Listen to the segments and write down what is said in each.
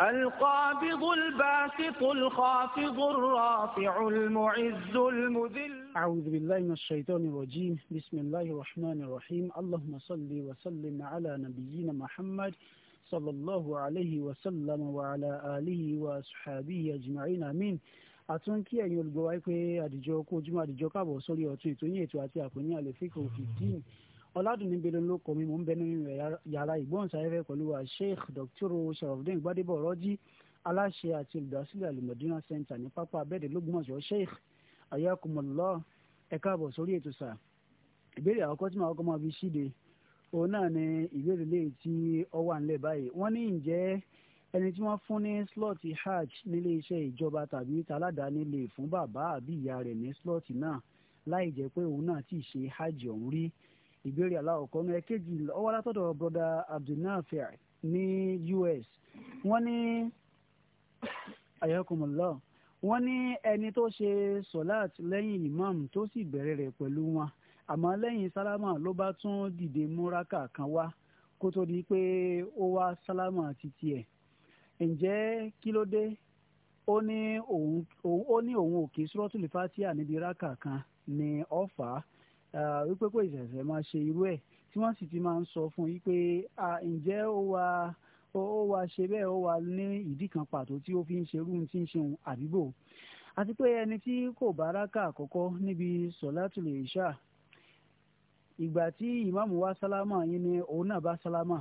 القابض الباسط الخافض الرافع المعز المذل أعوذ بالله من الشيطان الرجيم بسم الله الرحمن الرحيم اللهم صل وسلم على نبينا محمد صلى الله عليه وسلم وعلى آله وأصحابه أجمعين آمين àtún kí ẹ̀yin olùgbọ́ wáyé pé àdìjọ kó ojúmọ́ àdìjọ káàbọ̀ sórí ọ̀tún ètò yín ètò àti àpò ní àlè fíkò fìdíìn ọ̀làdùnní bẹ̀rẹ̀ ló kọ́ mi mò ń bẹ nínú yàrá ìgbóhùnsáfẹ́fẹ́ pẹ̀lú wa sheikh dr sharafdin gbadebo ọ̀rọ̀jì aláṣẹ àti olùdásílẹ̀ alimọ̀dínà center ní pápá abẹ́ẹ̀dẹ̀ lógúnmọ̀ṣọ́ sheikh ayakumullah ẹ káàbọ̀ sórí ètò sà ìbéèrè àkọ́kọ́ tí màá kọ́ máa fi ṣíde òun náà ni ìbéèrè léyìí tí ó wà nílẹ̀ báyìí wọ́n ní ǹjẹ́ ẹni tí wọ́n fún ní slot hajj nílé iṣẹ́ ìjọba tàbí taládàáni lè fún bàbá àbí ìyá rẹ̀ ní slot náà láì jẹ́ pé òun náà ti ṣe hajj ọ̀hún rí ìbéèrè aláwọ̀kọ́ ní ẹ̀kejì ọwọ́ látọ̀dọ̀ broda abdulnafia ní US wọ́n ní ayakumullah wọ́n ní ẹni tó ṣe sọ́láàt lẹ́yìn imam tó sì bẹ̀rẹ̀ rẹ̀ pẹ̀lú wọn àmọ́ lẹ́yìn sálámà ló bá tún dìde múraka kan wá kó tó di pé ó wá sálámà títí ẹ̀ ǹjẹ́ kí ló dé ó ní òun ò kí sùrọ́tùlù fatia níbi raka kan ní ọ̀fà wípé kò ìṣẹ̀ṣẹ̀ máa ṣe irú ẹ̀ tí wọ́n sì ti máa ń sọ fún yí pé ǹjẹ́ ó wà ó wà ṣe bẹ́ẹ̀ ó wà ní ìdí kan pàtó tí ó fi ń ṣerú tí ń ṣeun àdúgbò àti pé ẹni tí kò bá rákà àkọ́kọ́ níbi sọ̀látùlù ìṣà ìgbà tí ìmáàmù wa sálámà yín ni òun náà bá sálámà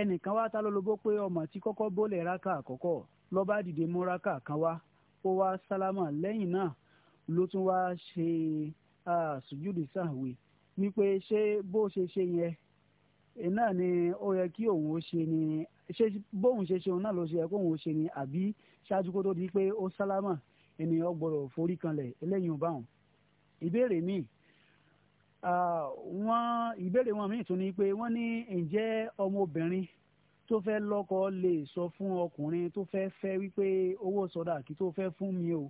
ẹnìkan wá ta lólobó pé ọmọ tí kọ́kọ́ bólẹ̀ rákà àkọ́kọ́ ló bá dìde mú rákà kan wá ó wá sálámà lẹ́yìn náà ló tún wá ṣe sùjúdì sàwé wípé ṣé bó ṣe ṣe yẹn náà ni ó yẹ kí òun ó ṣe ni ṣé bóun ṣe ṣe òun náà ló ṣe yẹ kóun ó ṣe ni àbí ṣáájú kó tó di pé ó sálámà ènìyàn gbọ́dọ̀ forí kanlẹ̀ eléyìí ò bá wọn. ìbéèrè míì wọ́n ìbéèrè wọn míì tún ni pé wọ́n ní ǹjẹ́ ọmọbìnrin tó fẹ́ lọ́kọ lè sọ fún ọkùnrin tó fẹ́ fẹ́ wípé owó sọdá kí tó fẹ́ fún mi o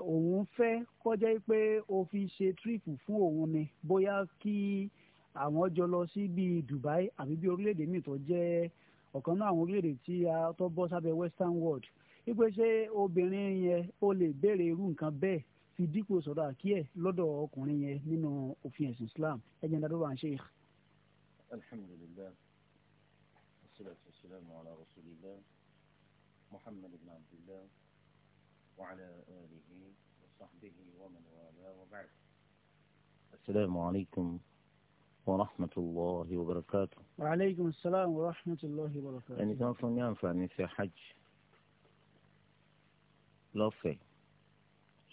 òun fẹ́ kọjá pé o fi ṣe trip fún òun ni bóyá kí àwọn jọ lọ sí bíi Dubai àbí bíi orílẹ̀-èdè míì tó jẹ́ ọ̀kan náà àwọn orílẹ̀-èdè tí a tó bọ́ sábẹ́ Western world wípé ṣé obìnrin yẹn o lè béèrè irú nǹkan bẹ́ẹ̀ fi dípò sọ̀rọ̀ àkí ẹ̀ lọ́dọ̀ ọkùnrin yẹn nínú òfin ẹ̀sìn Islam ẹ̀jẹ̀ ní adúlọ́ à ń ṣe. alhamdulilayi wasalaatu wasalaamu ala rasulillah muhammadu bin وعلى آله وصحبه ومن والاه وبعد السلام عليكم ورحمة الله وبركاته وعليكم السلام ورحمة الله وبركاته يعني كان فني أنفعني في حج لọ́fẹ̀ẹ́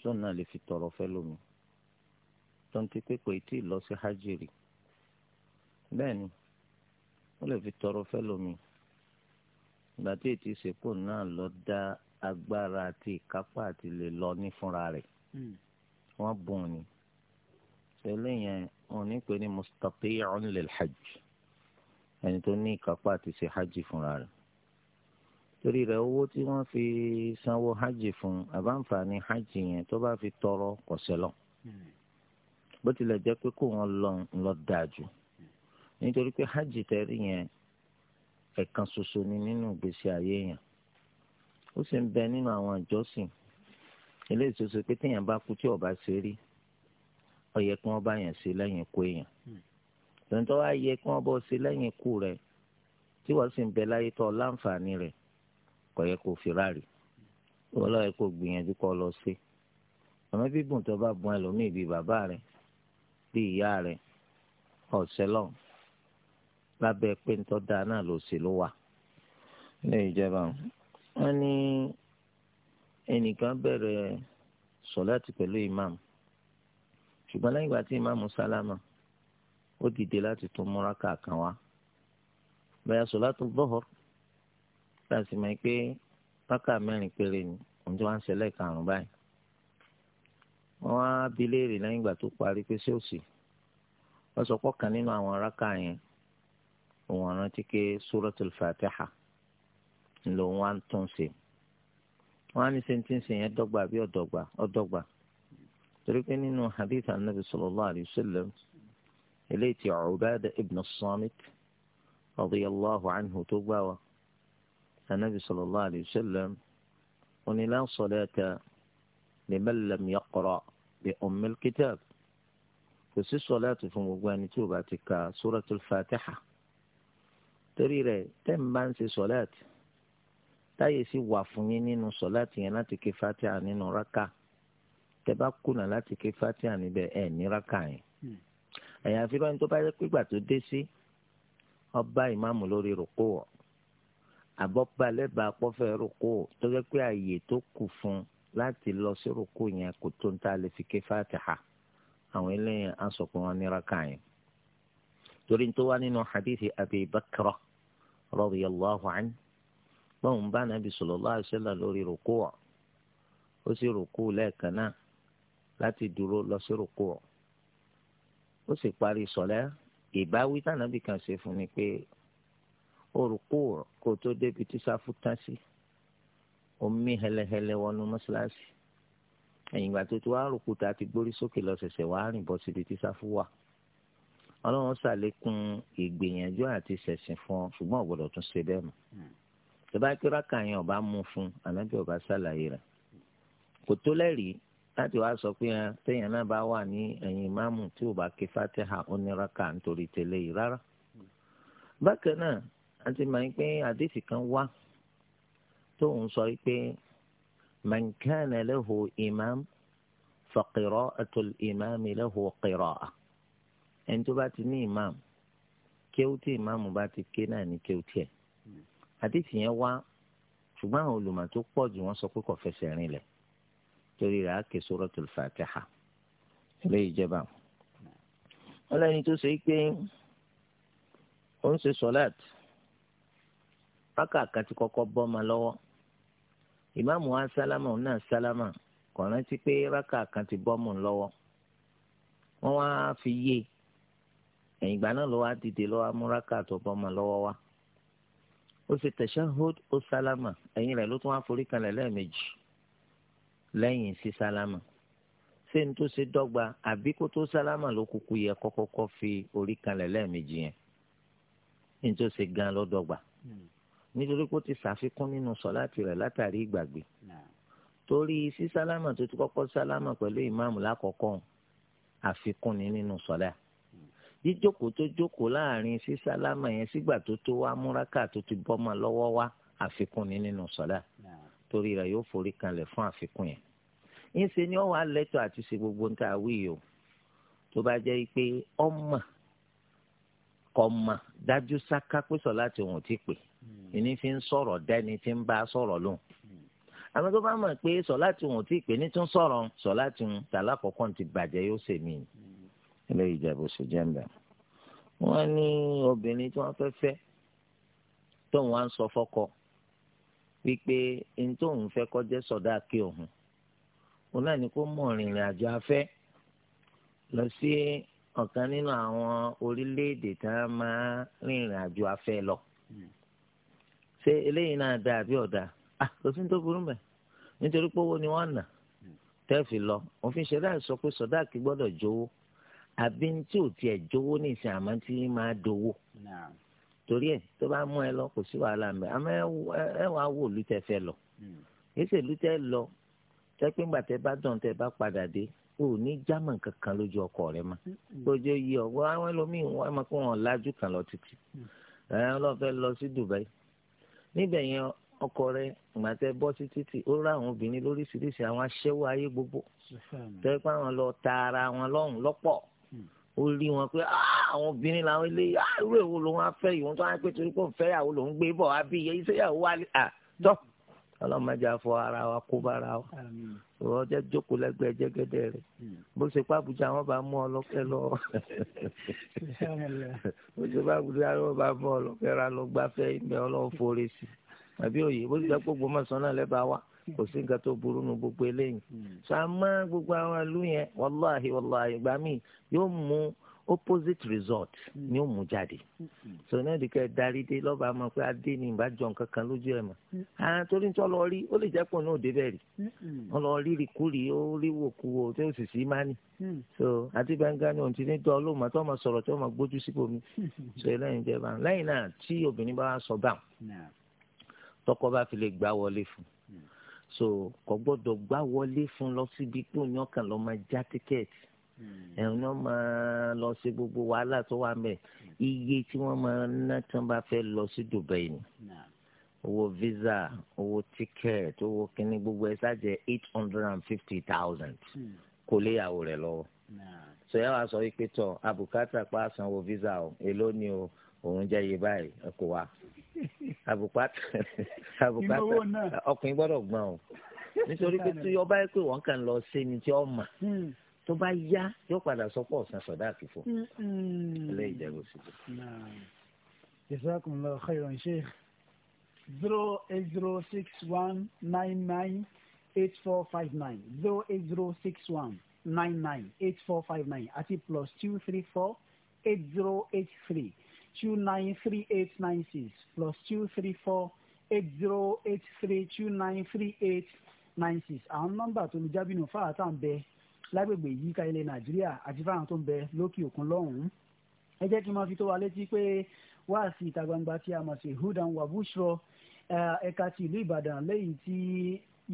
sọ́nà lè fi tọrọ fẹ́ lómi tó ń ti pépè tí ì lọ sí hajj rí bẹ́ẹ̀ ni ó lè fi agbára àti ìkápá àti lè lọ ní fúnra rẹ̀ hmm. wọ́n bùn ni tẹ́lẹ̀ yẹn wọ́n ní pé ní mustati'un lil hajj ẹni tó ní ìkápá àti ṣe hajj fúnra rẹ̀ torí rẹ̀ owó tí wọ́n fi sanwó hajj fún àbáǹfààní hajj yẹn tó bá fi tọrọ kọsẹ̀ lọ hmm. bó tilẹ̀ jẹ́ pé kó wọn lọ lọ dáa nítorí pé hajj tẹ́rí yẹn ẹ̀kan ṣoṣo ni nínú ìgbésí ayé yẹn ó sì ń bẹ nínú àwọn ìjọsìn eléyìí tó ṣe pé téèyàn bá kú tí ó bá ṣe rí ó yẹ kí wọ́n bá yàn ṣe lẹ́yìn ikú èèyàn tòǹtọ́ wá yẹ kí wọ́n bọ́ ṣe lẹ́yìn ikú rẹ̀ tí wọ́n sì ń bẹ láyé tó láǹfààní rẹ̀ kò yẹ kó fi ráàrí wọ́n lọ́ọ́ gbìyànjú kó lọ sí àmọ́ bíbùn tó bá bùn ẹlòmíì bíi bàbá rẹ̀ bíi ìyá rẹ̀ ọ̀sẹ̀lọ̀ lábẹ́ pé ń tọ́ da náà ló sì ló wà. ilé ìjẹba wọ́n ní ẹnìkan bẹ̀rẹ̀ sọ̀láàtì pẹ̀lú Imam. ṣùgbọ́n lẹ́yìn ìgbà tí ìmáàmù sálámà ó dìde láti tún múra kàkan wá bẹ́ẹ̀ sọ̀láàtì bọ́họ̀ láti mọ̀ pé pákà mẹ́rin péré ni òun tí wọ́n ń ṣẹlẹ̀ karùn-ún báyìí wọ́n wá bi léèrè lẹ́yìn ìgbà tó parí pé ṣé òsì wọ́n sọ pọ́ kan nínú àwọn rákà yẹn òun ọ̀rántí ké Suratul Fatiha lòun wá ń tún ṣe wọn á ní ṣe ti ń ṣe yẹn dọ́gba àbí ọ̀dọ́gba ọ̀dọ́gba torí pé nínú hadith anabi sallallahu alayhi wa sallam eléyìí ti Ubada ibn Samit radiyallahu anhu tó gbà wá anabi sallallahu alayhi wa sallam ó ní la salata liman lam umm kò sí sọláàtì fún gbogbo ẹni tí ó bá ti ka suratul fatiha torí rẹ̀ tẹ́ ń bá ń ṣe sọláàtì táyè sì wà fún yín nínú sọ̀láàtì yẹn láti ké fatia nínú raka tẹ́ bá kùnà láti ké fatia níbẹ̀ ẹ̀ ní raka yẹn hmm. àyàfi báyìí tó bá yẹ pé ìgbà tó dé sí ọba ìmáàmù lórí rúkú ọ àbọ̀pá lẹ́bàá pọ́fẹ́ rúkú tó yẹ pé àyè tó kù fún láti lọ sí rúkú yẹn kò tó ń ta lè fi ké fatiha àwọn eléyìí á sọ ní raka yẹn torí tó wá nínú hadithi Abi Bakra radiyallahu anhu. bọ́ọ̀n bá nàbì sọ̀rọ̀ alaihi lórí rùkú ọ̀ ó sì rùkú lẹ́ẹ̀kan náà láti dúró lọ sí rùkú ọ̀ ó sì parí sọ̀lẹ́ ìbáwí tànàbì kan ṣe fún ni pé ó rùkú kó tó débi tí sáfù tán sí omi hẹlẹhẹlẹ wọnú mọ́ṣáláṣí ẹ̀yìn ìgbà tó ti wá rùkú tá ti gbórí sókè lọ wá rìn bọ́ síbi tí sáfù wà ọlọ́run ìgbìyànjú tó bá kí rákà yẹn ọba mú fún ànábì ọba ṣàlàyé rẹ̀ kò tó lẹ́rìí láti wá sọ pé ah, téèyàn náà bá wà ní ẹ̀yìn ìmáàmù tí ò bá ké fatiha ó ní rákà nítorí tẹ́lẹ̀ yìí rárá bákan náà a ti máa ń pé àdéhìí kan wá tó ń sọ pé man kana lahu imam fa qira'atul imami lahu qira'a ẹni tó bá ti ní imam kéwú tí imam bá ti ké náà ní kéwú tiẹ̀ àdéhìí yẹn wá ṣùgbọ́n àwọn olùmọ̀ tó pọ̀ jù wọ́n sọ pé kò fẹsẹ̀ rìn lẹ̀ torí rà á ké suratul Fatiha eléyìí jẹba wọn lẹ́ni tó ṣe pé ó ń ṣe sọ́láàt rákà kan ti kọ́kọ́ bọ́ ma lọ́wọ́ ìmáàmù wa sálámà òun náà sálámà kò rántí pé rákà kan ti bọ́ mọ̀ lọ́wọ́ wọ́n wá fi yé ẹ̀yìn ìgbà náà ló wá dìde ló wá tó bọ́ ma lọ́wọ́ wá ó ṣe tashahhud ó sálámà ẹ̀yìn rẹ̀ ló tún wá forí kanlẹ̀ lẹ́ẹ̀mejì lẹ́yìn sí sálámà ṣé n tó ṣe dọ́gba àbí kó tó sálámà ló kúkú yẹ kọ́kọ́kọ́ fi orí kanlẹ̀ lẹ́ẹ̀mejì yẹn n tó ṣe gan ló dọ́gba hmm. nítorí kó ti ṣàfikún nínú sọ̀láàtì rẹ̀ látàrí ìgbàgbé torí sí sálámà tó ti kọ́kọ́ sálámà pẹ̀lú ìmáàmù lákọ̀ọ́kọ́ àfikún ni nínú sọ̀láà jíjókòó tó jókòó láàrin sísálámà yẹn sígbà tó tó wá múraká tó ti bọ́mọ lọ́wọ́ wá àfikún ni nínú sọ́lá torí rẹ̀ yóò forí kanlẹ̀ fún àfikún yẹn. ńṣe ni ó wà lẹ́tọ̀ àti ṣe gbogbo ń ta àwí yìí o tó bá jẹ́ pé ọmọ kọ̀ọ̀mà dájú sáká pé sọ́lá ti wọ́n ti pè hmm. ìní fi ń sọ̀rọ̀ dẹ́ni tí ń bá sọ̀rọ̀ lóhùn hmm. àmọ́ tó bá mọ̀ pé sọ́lá ti wọ́n ti pè ní tún sọ̀rọ̀ sọ́lá ti ń tàlákọ̀ọ́kọ́ ti bàjẹ́ yóò ṣèmí ni. Hmm. eléyìí jẹ́ bó ṣe jẹ́ ńbẹ̀. wọ́n ní obìnrin tí wọ́n fẹ́ fẹ́ tóun wá ń sọ fọ́kọ wípé ní tóun fẹ́ kọjá sọ̀dá kí òun òun náà ní kó mọ̀ rìnrìn àjò afẹ́ lọ sí ọ̀kan nínú àwọn orílẹ̀-èdè tá a máa rìnrìn àjò afẹ́ lọ. ṣé eléyìí náà dáa àbí ọ̀dà ah, kò sí ní tó burú mẹ́ nítorí pé owó ni wọ́n nà tẹ́ẹ̀fì lọ òfin ṣẹ̀dá sọ pé sọ̀dá kí gbọ́dọ̀ jówó. àbí tí ò tiẹ̀ jówó ní ìsìn àmọ́ tí máa dowó torí ẹ̀ tó bá mú ẹ lọ kò sí wàhálà ń bẹ àmọ́ ẹ wàá wò lùtẹ̀ fẹ́ lọ èsì hmm. lùtẹ̀ lọ tẹ́pẹ́ ńgbà tẹ́ bá dàn tẹ́ bá padà dé o ò ní jámọ̀ kankan lójú ọkọ rẹ mọ́ lójú hmm. yìí ọ̀gbọ́n àwọn ẹlòmíín wọn máa kó wọn lájú kan lọ títí hmm. ẹ̀ ọ́n lọ́ọ́ fẹ́ lọ sí Dubai níbẹ̀ yẹn ọkọ rẹ ìgbà tẹ́ bọ́ sí títì ó rá àwọn obìnrin lóríṣiríṣi àwọn aṣẹ́wó ayé gbogbo tẹ́pẹ́ àwọn lọ ta ara wọn lọ́hùn lọ́pọ̀ ó rí wọn pé ah, àwọn obìnrin làwọn eléyìí ah, irú èwo ló wọn fẹ́ ìwọ̀n tó wá pé torí pé òun fẹ́ gbé bọ̀ wá bí iye iṣẹ́ ìyàwó wá ah, tọ́ ọlọ́mọdé afọ ara wa kó bára wa ìwọ jẹ jókòó lẹ́gbẹ̀ẹ́ jẹgẹdẹ rẹ hmm. bó ṣe pa Àbújá wọn bá mú ọlọpẹ lọ bó ṣe pa Àbújá wọn bá mú ọlọpẹ ra lọ gbáfẹ́ Ọlọ́run forí sí àbí òye bó ṣe jẹ gbogbo mọsán Hmm. kò sí nǹkan tó burú nu gbogbo eléyìí hmm. so àmọ́ gbogbo àwọn ìlú yẹn wàláhi wàláhi ìgbà míì yóò mú opposite result hmm. ni ó mú jáde so náà di kẹ darí dé lọ́ba àmọ́ pé adé ni ìbá jọ nǹkan kan lójú ẹ̀ mọ́ àwọn torí ń tọ́ lọ rí ó lè jẹ́ pọ̀ náà débẹ̀ rí wọ́n lọ rí rìkúrì ó rí wòkúwò tí ó sì sí mání so àti gbangba ni òun ti ní dán lóòmọ tó ọmọ sọ̀rọ̀ tó ọmọ gbójú sípò mi so lẹ́yìn jẹ́ bá lẹ́yìn náà tí obìnrin bá sọ bá tọkọ bá fi lè gbá wọlé fún un so kò gbọ́dọ̀ gbá wọlé fún lọ síbi pé òun ọkàn lọ máa já tíkẹ́ẹ̀tì hmm. ẹ̀hún náà máa lọ sí gbogbo wàhálà tó wà mẹ́ hmm. iye tí wọ́n máa ná tí bá fẹ́ lọ sí Dubai ni owó visa owó ticket owó kínní gbogbo ẹ̀ ṣáàjẹ́ eight hundred and fifty thousand hmm. kò léyàwó rẹ̀ lọ́wọ́ so ẹ wá sọ wípé tọ àbùkátà pa sanwó visa o èló ni o òun jẹ́ iye báyìí ẹ kò wá àbùkátà àbùkátà ọkùnrin gbọ́dọ̀ gbọ́n o nítorí pé tí ọba yẹ pé wọ́n kàn lọ ṣe ni tí ọ mà hmm. tó bá yá yóò padà sọ pé ọ̀sán sọ̀dá àkìfọ́ hmm, hmm. ẹlẹ́yìí jẹ́ kó síbẹ̀. jazakumullahu khairan sheikh zero eight zero six one nine nine eight four five nine zero eight zero six one nine nine eight four five nine àti plus two three four eight zero eight three two nine three eight nine six plus two three four eight zero eight three two nine three eight nine six àwọn nọ́mbà tó lè jábìnú fáwọn tá à ń bẹ lágbègbè yìí ká ilẹ̀ nàìjíríà àti fáwọn tó ń bẹ lókè òkun lọ́hùn-ún ẹ jẹ́ kí n máa fi tó wa létí pé wáàsí ìta gbangba tí a mọ̀ sí hudan wabushro ẹ̀ka ti ìlú ìbàdàn lẹ́yìn tí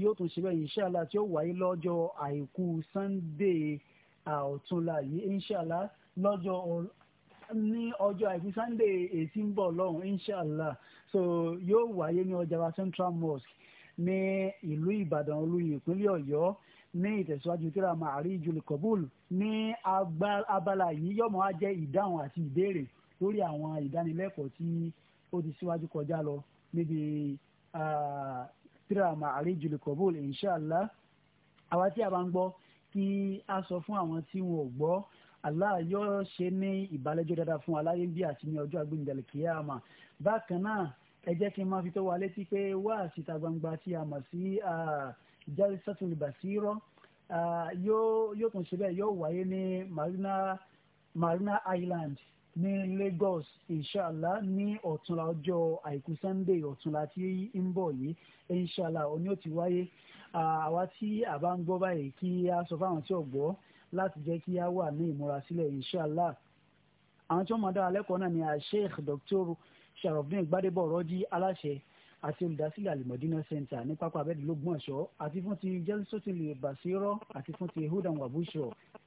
yóò tún ṣe bẹ́ẹ̀ inṣàlá tí ó wáyé lọ́jọ́ àìkú sunday ọ̀túnla yìí inṣàlá lọ́jọ́ ní ọjọ́ àìsí sunday èsì ń bọ̀ lọ́hùn inshallah so yóò wáyé ní ọjà wa central mosque ní ìlú ìbàdàn olúyè ìpínlẹ̀ ọ̀yọ́ ní ìtẹ̀síwájú tíra màárí ìjùlẹ̀ kọ́bùl ní abala yìí yọ̀mọ̀ á jẹ́ ìdáhùn àti ìbéèrè lórí àwọn ìdánilẹ́kọ̀ọ́ tí ó ti síwájú kọjá lọ níbi tíra màárí ìjùlẹ̀ kọ́bùl inshallah àwa tí a bá ń gbọ́ kí a sọ fún àwọn tí wọn ò gbọ́ Allah yóò ṣe ní ìbálẹ́jọ́ dáadáa fún aláyé bí àti ní ọjọ́ àgbéǹdàlẹ̀ kìyàmà bákan náà ẹ jẹ́ kí n máa fi tó wa létí pé wá síta gbangba tí a mọ̀ sí Jalsatul Basira yóò tún ṣe bẹ́ẹ̀ yóò wáyé ní Marina Island ní Lagos inshala ní ọ̀túnla ọjọ́ àìkú Sunday ọ̀túnla tí ń bọ̀ yìí inshala òní ò ti wáyé àwa tí a bá ń gbọ́ báyìí kí a sọ fáwọn tí ò gbọ́ láti jẹ́ kí á wà ní ìmúrasílẹ̀ inshallah àwọn tí wọ́n máa dára lẹ́kọ̀ọ́ náà ni Sheikh Dr. Sharafdin Gbadebo Rọ́jí aláṣẹ àti olùdásílẹ̀ alimọ̀dínà center ní pápá abẹ́dìlógún ọ̀ṣọ́ àti fún ti jẹ́sọ́tìlì basirọ́ àti fún ti hudan wabushọ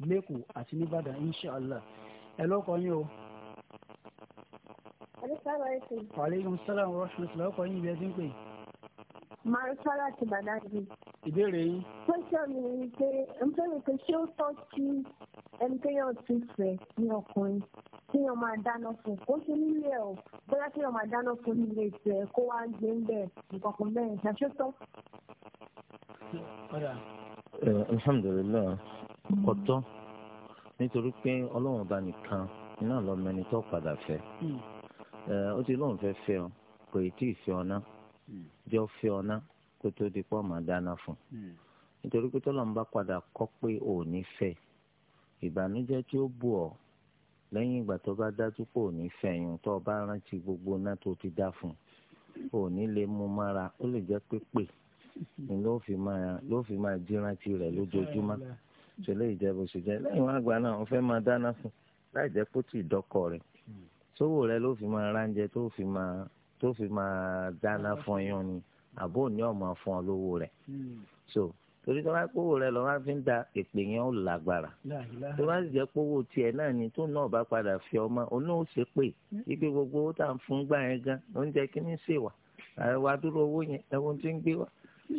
lẹ́kọ̀ọ́ àti nìbàdàn inshallah ẹ lọ́kọ̀ yín o. aleykum salaam wa rahmatulah ọkọ̀ yín ibi ẹ ti ń pè é. Marisol àti Bàdájì. Ìbéèrè yín. Pẹ́sẹ̀ mi ni pé ń bẹ̀rẹ̀ pé ṣé ó tọ́ kí ẹni kéèyàn ti fẹ́ ní ọkùnrin kéèyàn máa dáná fún kó ṣe nílé ẹ̀ o bóyá kéèyàn máa dáná fún nílé ìfẹ́ kó wá gbé ń bẹ̀ nǹkan kan bẹ́ẹ̀ ṣàṣẹ tọ́. alhamdulilayi ọ̀tọ̀ nítorí pé ọlọ́run ọba nìkan iná lọ́mọ ẹni tó padà fẹ́ hmm. ó ti lóun fẹ́ fẹ́ ọ kò ì tí ì fẹ́ ọ náà. jọ fẹ́ ọ kó tó di pọ́ máa dáná fún un hmm. nítorí pé tọ́lọ́mù bá padà kọ́ pé ò ní fẹ́ ìbànújẹ́ tí ó bù ọ́ lẹ́yìn ìgbà tó bá dájú pé ò ní fẹ́ yun tó o bá rántí gbogbo ná tó ti dá fún un ò ní lè mú mára ó lè jẹ́ pépè ni ló fi máa ló jí rántí rẹ̀ lójoojúmọ́ ṣẹlẹ̀ ìjẹ́bù ṣèjẹ́ lẹ́yìn wọn àgbà náà wọ́n fẹ́ máa dáná fún un láì jẹ́ pé ó ti dọ́kọ rẹ̀ hmm. sówó rẹ̀ ló fi máa ránjẹ tó fi máa tó fi máa dáná fún yín ni àbó ní ọmọ fún ọ lówó hmm. so torí tó bá kówó rẹ̀ lọ bá fi ń da èpè yẹn ó lágbára tó bá sì jẹ́ kówó tiẹ̀ náà ni tó náà bá padà fi ọmọ oní òsè pè ike gbogbo ó tà ń fún gbà yẹn gan oúnjẹ kí ni wà àwa dúró owó yẹn ẹwọn tí ń gbé wá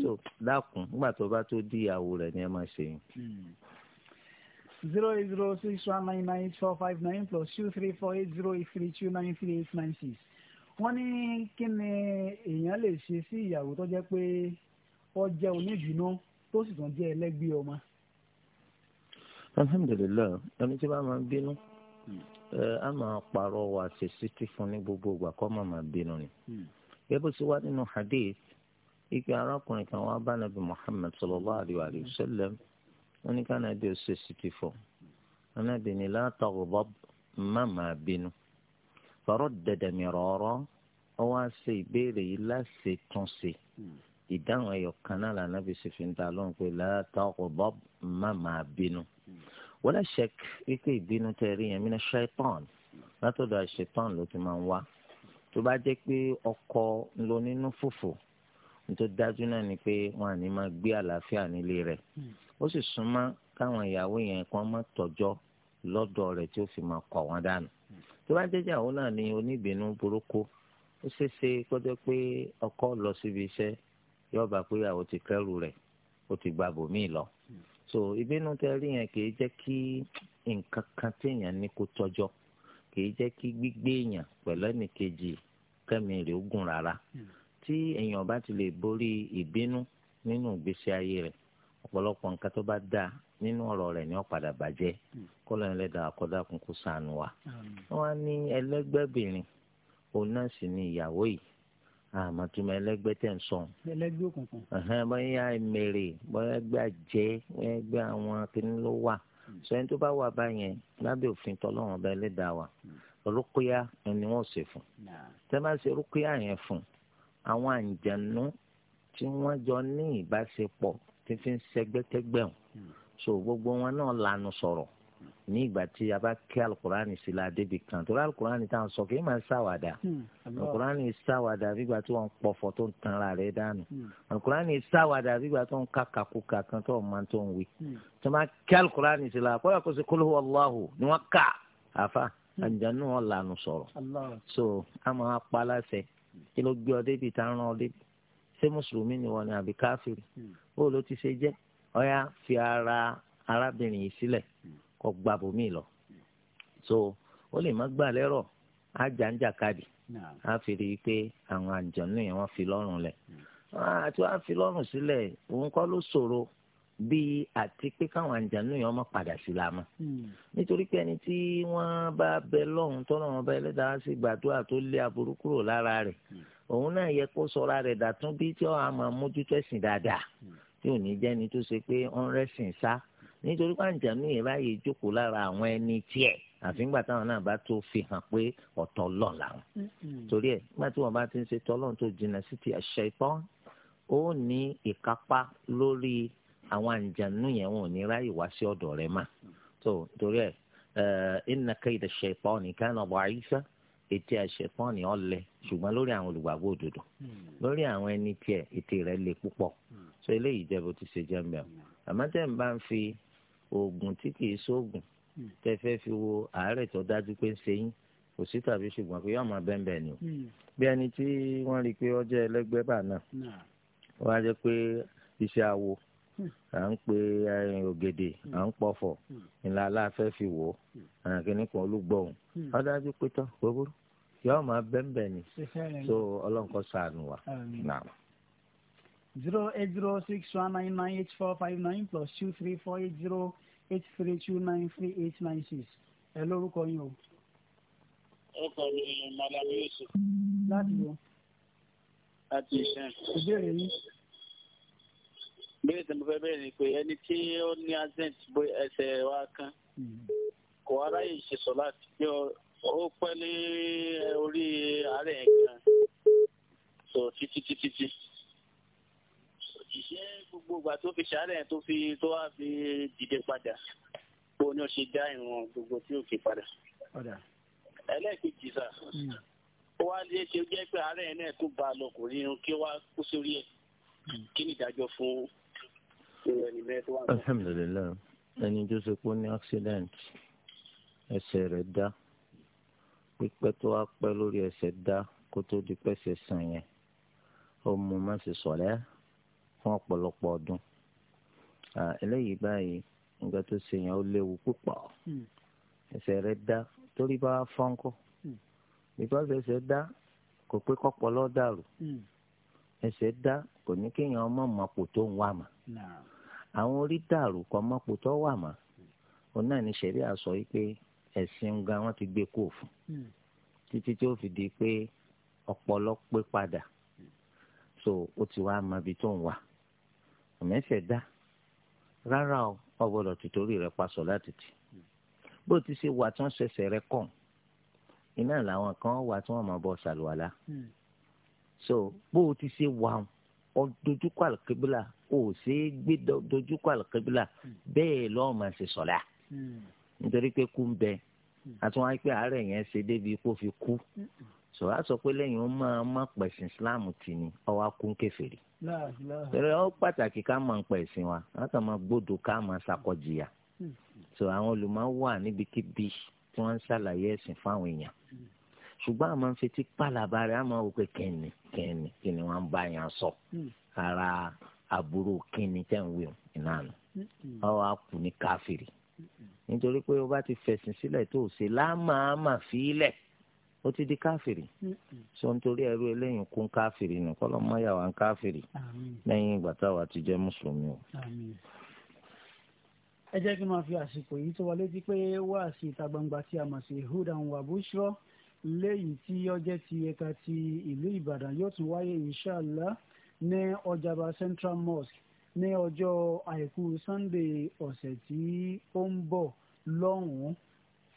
so dákun nígbà tó bá tó di ìyàwó rẹ̀ ni ẹ máa ṣe yẹn hmm. zero eight zero six one nine nine four five nine plus two three four eight zero eight three two nine three eight nine six wọ́n ní kí ni èèyàn lè ṣe sí ìyàwó tó jẹ́ pé ó jẹ́ oníbínú tó sì tún jẹ́ ẹlẹ́gbẹ́ ọmọ. alhamdulilayi ẹni tí wọ́n máa ń bínú a máa pààrọ̀ wà ṣèṣì tí fún ní gbogbo ìgbà kọ́ máa máa bínú ni. Hmm. gẹ́gẹ́ bó wá nínú hadith ike arákùnrin kan wá bá nàbì muhammed sallallahu alayhi wa sallam wọn ní ká nàbì ó ṣèṣì tí fún wọn nàbì ní látàgbọ́ má máa bínú faradada mirara ó wá ṣe ìbéèrè yìí láṣẹ tún ṣe hmm. ìdáhùn ẹyọ kan náà lànà bí ṣe fi ń ta lóhùn pé la taghdab má máa bínú hmm. wala shak wípé ìbínú tẹ rí yẹn mina shaitan látọ̀dọ̀ àṣetán ló ti máa ń wá tó bá jẹ́ pé ọkọ ló nínú fòfò tó dájú náà ni pé wọn à ní máa gbé àlàáfíà nílé rẹ̀ hmm. ó sì súnmọ́ káwọn ìyàwó yẹn kan má tọ́jọ́ lọ́dọ̀ rẹ̀ tí ó fi máa kọ̀ wọ́n dànù tó bá jẹ́jẹ́ àwọn náà ni oníbìnú burúkú ó ṣeéṣe pé ọkọ lọ síbi iṣẹ́ yọọba pé àwọn ti rẹ̀ ti gba bòmíì lọ. so ìbínú tẹ rí yẹn kì í jẹ́ kí nǹkan kan téèyàn ní kó tọjọ kì í kí gbígbé èèyàn tí èèyàn bá ti lè borí ìbínú nínú ìgbésí ayé ọpọlọpọ nǹkan tó bá dáa nínú ọ̀rọ̀ rẹ̀ ni ó padà bàjẹ́ hmm. kó lóun lẹ́dàá àkọ́dá kún kó sànù wa. wọ́n á ní ẹlẹ́gbẹ́bìnrin òun náà sì ni ìyàwó yìí àmọ́ tí mo ẹlẹ́gbẹ́ tẹ̀ ń sọ. ẹlẹ́gbẹ́ òkùnkùn. bóyá mèrè bóyá ẹgbẹ́ àjẹ́ bóyá ẹgbẹ́ àwọn akíní ló wà. sọ hmm. ẹni tó bá wà báyẹn lábẹ́ òfin tọ́lọ́wọ́n ọba ẹlẹ́dàá wa hmm. rúkúyà ni wọ́n ṣe fún. tẹ́ bá ṣe rúkúyà yẹn fún àwọn àǹjànú tí wọ́n jọ ní ìbáṣepọ̀ tí fi ń ṣẹgbẹ́kẹ́gbẹ́ hàn so gbogbo wọn náà lanu sọ̀rọ̀ ní ìgbà tí a bá kí alukurani sí la débi kan torí alukurani tá à ń sọ kí n máa ṣàwàdà hmm, alukurani ṣàwàdà bígbà tí wọn ń pọfọ tó ń tan ara rẹ dànù hmm. alukurani ṣàwàdà bígbà tó ń kàkàkùkà kan tó ń máa tó ń wí hmm. tó máa kí alukurani sí la kọ́yà kó ṣe kul huwa Allahu ni wọ́n kà àfa àjànú wọn lànà sọ̀rọ̀ so a máa pa láṣẹ kí ló gbé ọ débi tá à ń rán ọ débi ṣé mùsùlùmí ni wọn ni àbí káfíìrì bó ló ti ṣe jẹ́ ọ̀yà fi ara arábìnrin yìí sílẹ̀ kó gba bòmí lọ so ó lè má gbà lérò ajáǹjà kadì á fi rí i pé àwọn àjọ̀nú yẹn wọ́n fi lọ́rùn lẹ̀ àti hmm. wọ́n á fi lọ́rùn sílẹ̀ òun kọ́ ló ṣòro bíi àti pé káwọn àjànú yẹn ọmọ padà sí la mọ. Hmm. nítorí pé ẹni tí wọ́n bá bẹ lọ́hùn tọ́nà wọn bá ẹlẹ́dàá sí gbàdúrà tó lé aburú kúrò lára rẹ̀ hmm. òun náà yẹ kó sọra rẹ̀ dàtún bí tí wọ́n máa mójútó ẹ̀sìn dáadáa tí ò ní jẹ́ni tó ṣe pé ó ń rẹ́sìn sá nítorí pàǹjánu yẹn báyìí jókòó lára àwọn ẹni tiẹ̀ àfi ńgbà táwọn náà bá tó fi hàn pé ọ̀tọ̀ lọ́n làwọn. torí ẹ̀ nígbà tí wọ́n bá ti ń ṣe tọ́lọ́n tó jìnnà sí ti àṣẹ ìpọ́n ó ní ìkápá lórí àwọn àǹjánu yẹn wọn ò ní ráyè wá sí ọ̀dọ̀ rẹ̀ mà. tó torí ẹ̀ eh, inna kayda shaytani kana da'ifa ètè àṣẹ ìpọ́n ni ọ̀lẹ ṣùgbọ́n lórí àwọn olùgbàgbọ́ òdodo mm. lórí àwọn ẹni tiẹ̀ ètè rẹ̀ sọ eléyìí jẹ́ bó ti ṣe jẹ́ mbẹ́ hmm. àmọ́ tẹ́ ń bá ń fi oògùn tí kìí sóògùn hmm. tẹ́ fẹ́ fi wo àárẹ̀ tó dájú pé ń ṣe yín kò sí tàbí ṣùgbọ́n pé yóò máa bẹ́ẹ̀ bẹ́ẹ̀ ni o hmm. bí ẹni tí wọ́n rí i pé ọjọ́ ẹlẹ́gbẹ́ bà náà wọ́n á jẹ́ pé iṣẹ́ awo à ń pe eh, ògèdè à ń pọ̀fọ̀ ńlá aláfẹ́ fi wò ó àkíní kan olúgbọ̀hún wọ́n dájú pé tán gbogbo yóò máa bẹ́ẹ̀ bẹ́ẹ̀ ni so ọlọ́nkọ́ ṣàánú wa náà zero eight zero six one nine nine eight four five nine plus two three four eight zero eight three two nine three eight nine six ẹ lórúkọ yín o. ọkọ mi ni malami yusuf. láti wo. láti iṣẹ́. ìbéèrè yín. béèrè tí mo fẹ́ bẹ̀rẹ̀ ni pé ẹni tí ó ní accent bó ẹsẹ̀ wa kan hmm. kò aráyè ṣe sọ láti bí ó pẹ́ ní orí àárẹ̀ kan so títí títí títí ṣé gbogbo ìgbà tó fi ṣàárẹ̀ tó fi tó wá fi dìde padà bó ni ó ṣe dá ìwọ̀n gbogbo tí ó fi padà. ẹlẹ́ẹ̀kejì sà hmm. ó wá lé ṣe jẹ́ pé àárẹ̀ náà tún bá a lọ kò rírun kí wá kó sórí ẹ̀ hmm. kí ni ìdájọ́ fún ìwé ẹni bẹ́ẹ̀ tó wà. alhamdulilayi ẹni tó ṣe pé ní accident ẹsẹ̀ rẹ̀ dá pípẹ́ tó wá pẹ́ lórí ẹsẹ̀ dá kó tó di pẹ́sẹ̀ sàn yẹn ó mú má ṣe sọ̀rẹ́ fún ọ̀pọ̀lọpọ̀ ọdún eléyìí báyìí nǹkan tó ṣe yẹn ó léwu púpọ̀ hmm. ẹsẹ̀ rẹ̀ dá torí bá wá fọ́nkọ́ hmm. because ẹsẹ̀ dá kò pé kọ́pọ̀lọ́ dàrú hmm. ẹsẹ̀ dá kò ní kéèyàn ọmọ mọ̀pò tó ń wà mà àwọn orí dàrú kọ́ mọ̀pò tó wà mà òun náà ní sẹ̀rí àsọ yìí pé ẹ̀sìn ga wọn ti gbé kó fún títí tí ó fi di pé ọ̀pọ̀lọ́ pé padà so ó ti wá mọ ibi tó ń wà. àmẹ́sẹ̀ dá rárá o ọgbọ́dọ̀ tìtorí rẹ̀ pa sọ láti tì bó ti ṣe wà tí wọ́n ṣẹ̀ṣẹ̀ rẹ̀ kàn iná làwọn kan wà tí wọ́n máa bọ̀ ṣàlùwàlá hmm. so bó ti ṣe wà ọ dojúkọ àlùkébílà ò ṣe é gbé dojúkọ àlùkébílà hmm. bẹ́ẹ̀ lọ́ọ́ máa ṣe sọ̀lá hmm. nítorí pé kú ń bẹ àtúwọ́n á pé àárẹ̀ yẹn ṣe débi kó fi kú sọ̀rọ̀ á sọ pé lẹ́yìn ó máa má pẹ̀sìn Islam tì ní ọwọ́ á kún tẹ̀lé ó pàtàkì ká máa ń pẹ̀ sí wa láti máa gbọ́dọ̀ ká máa ṣàkọjìyà so àwọn olùmọ̀ wà níbikíbi tí wọ́n ń ṣàlàyé ẹ̀sìn fáwọn èèyàn ṣùgbọ́n àmọ́ ń fetí pàlàbà rẹ̀ àmọ́ wò pé kẹ́ni kẹ́ni kẹ́ni wọ́n ń bá yàn sọ ara àbúrò kẹ́ni tẹ̀ ń wí ìnáàánú ọ̀hún á kù ní káfíìrì nítorí pé o bá ti fẹ̀sìn sílẹ̀ tó o ṣe láàmàmà fílẹ̀. Mm -hmm ó ti di káfìrí sọ nítorí ẹrú eléyìí kún káfìrí nù kọ́ lọ́mọ yà wá ń káfìrí lẹ́yìn ìgbà táwa ti jẹ́ mùsùlùmí o. ẹ jẹ́ kí n máa fi àsìkò yìí tó wa létí pé wá sí ìta gbangba tí a mọ̀ sí hudan wa bushra lẹ́yìn tí ọjẹ́ ti ẹ̀ka ti ìlú ìbàdàn yóò tún wáyé inshàlá ní ọjàba central mosque ní ọjọ́ àìkú sunday ọ̀sẹ̀ tí ó ń bọ̀ lọ́hùn-ún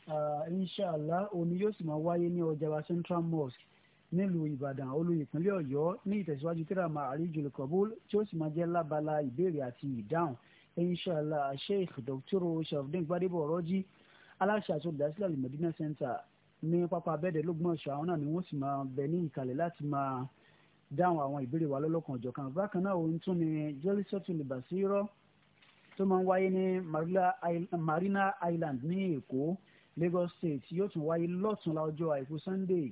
Ah, inshàlá òní yóò sì máa wáyé ní ọjàba central mosque nílùú ìbàdàn olú ìpínlẹ̀ ọ̀yọ́ ní ìtẹ̀síwájú tíra Ma'arijul Qabul tí ó sì máa jẹ́ lábala ìbéèrè àti ìdáhùn inshàlá sheikh dr shafdin gbadebo ọ̀rọ́jì aláṣẹ àti olùdásílẹ̀ alimọ̀dínà center ní pápá abẹ́ẹ̀dẹ̀ lọ́gbọ̀nsọ̀ àwọn náà ni wọ́n sì máa bẹ ní ìkàlẹ̀ láti máa dáhùn àwọn ìbéèrè wa lọ́lọ́kan ọ̀jọ̀kan bákan náà òun tún ni jẹ́lísọ́tù libasiro tó máa ń wáyé ní marina island ní èkó Lagos State yóò tún wáyé lọ́tùnla ọjọ́ àìkú Sunday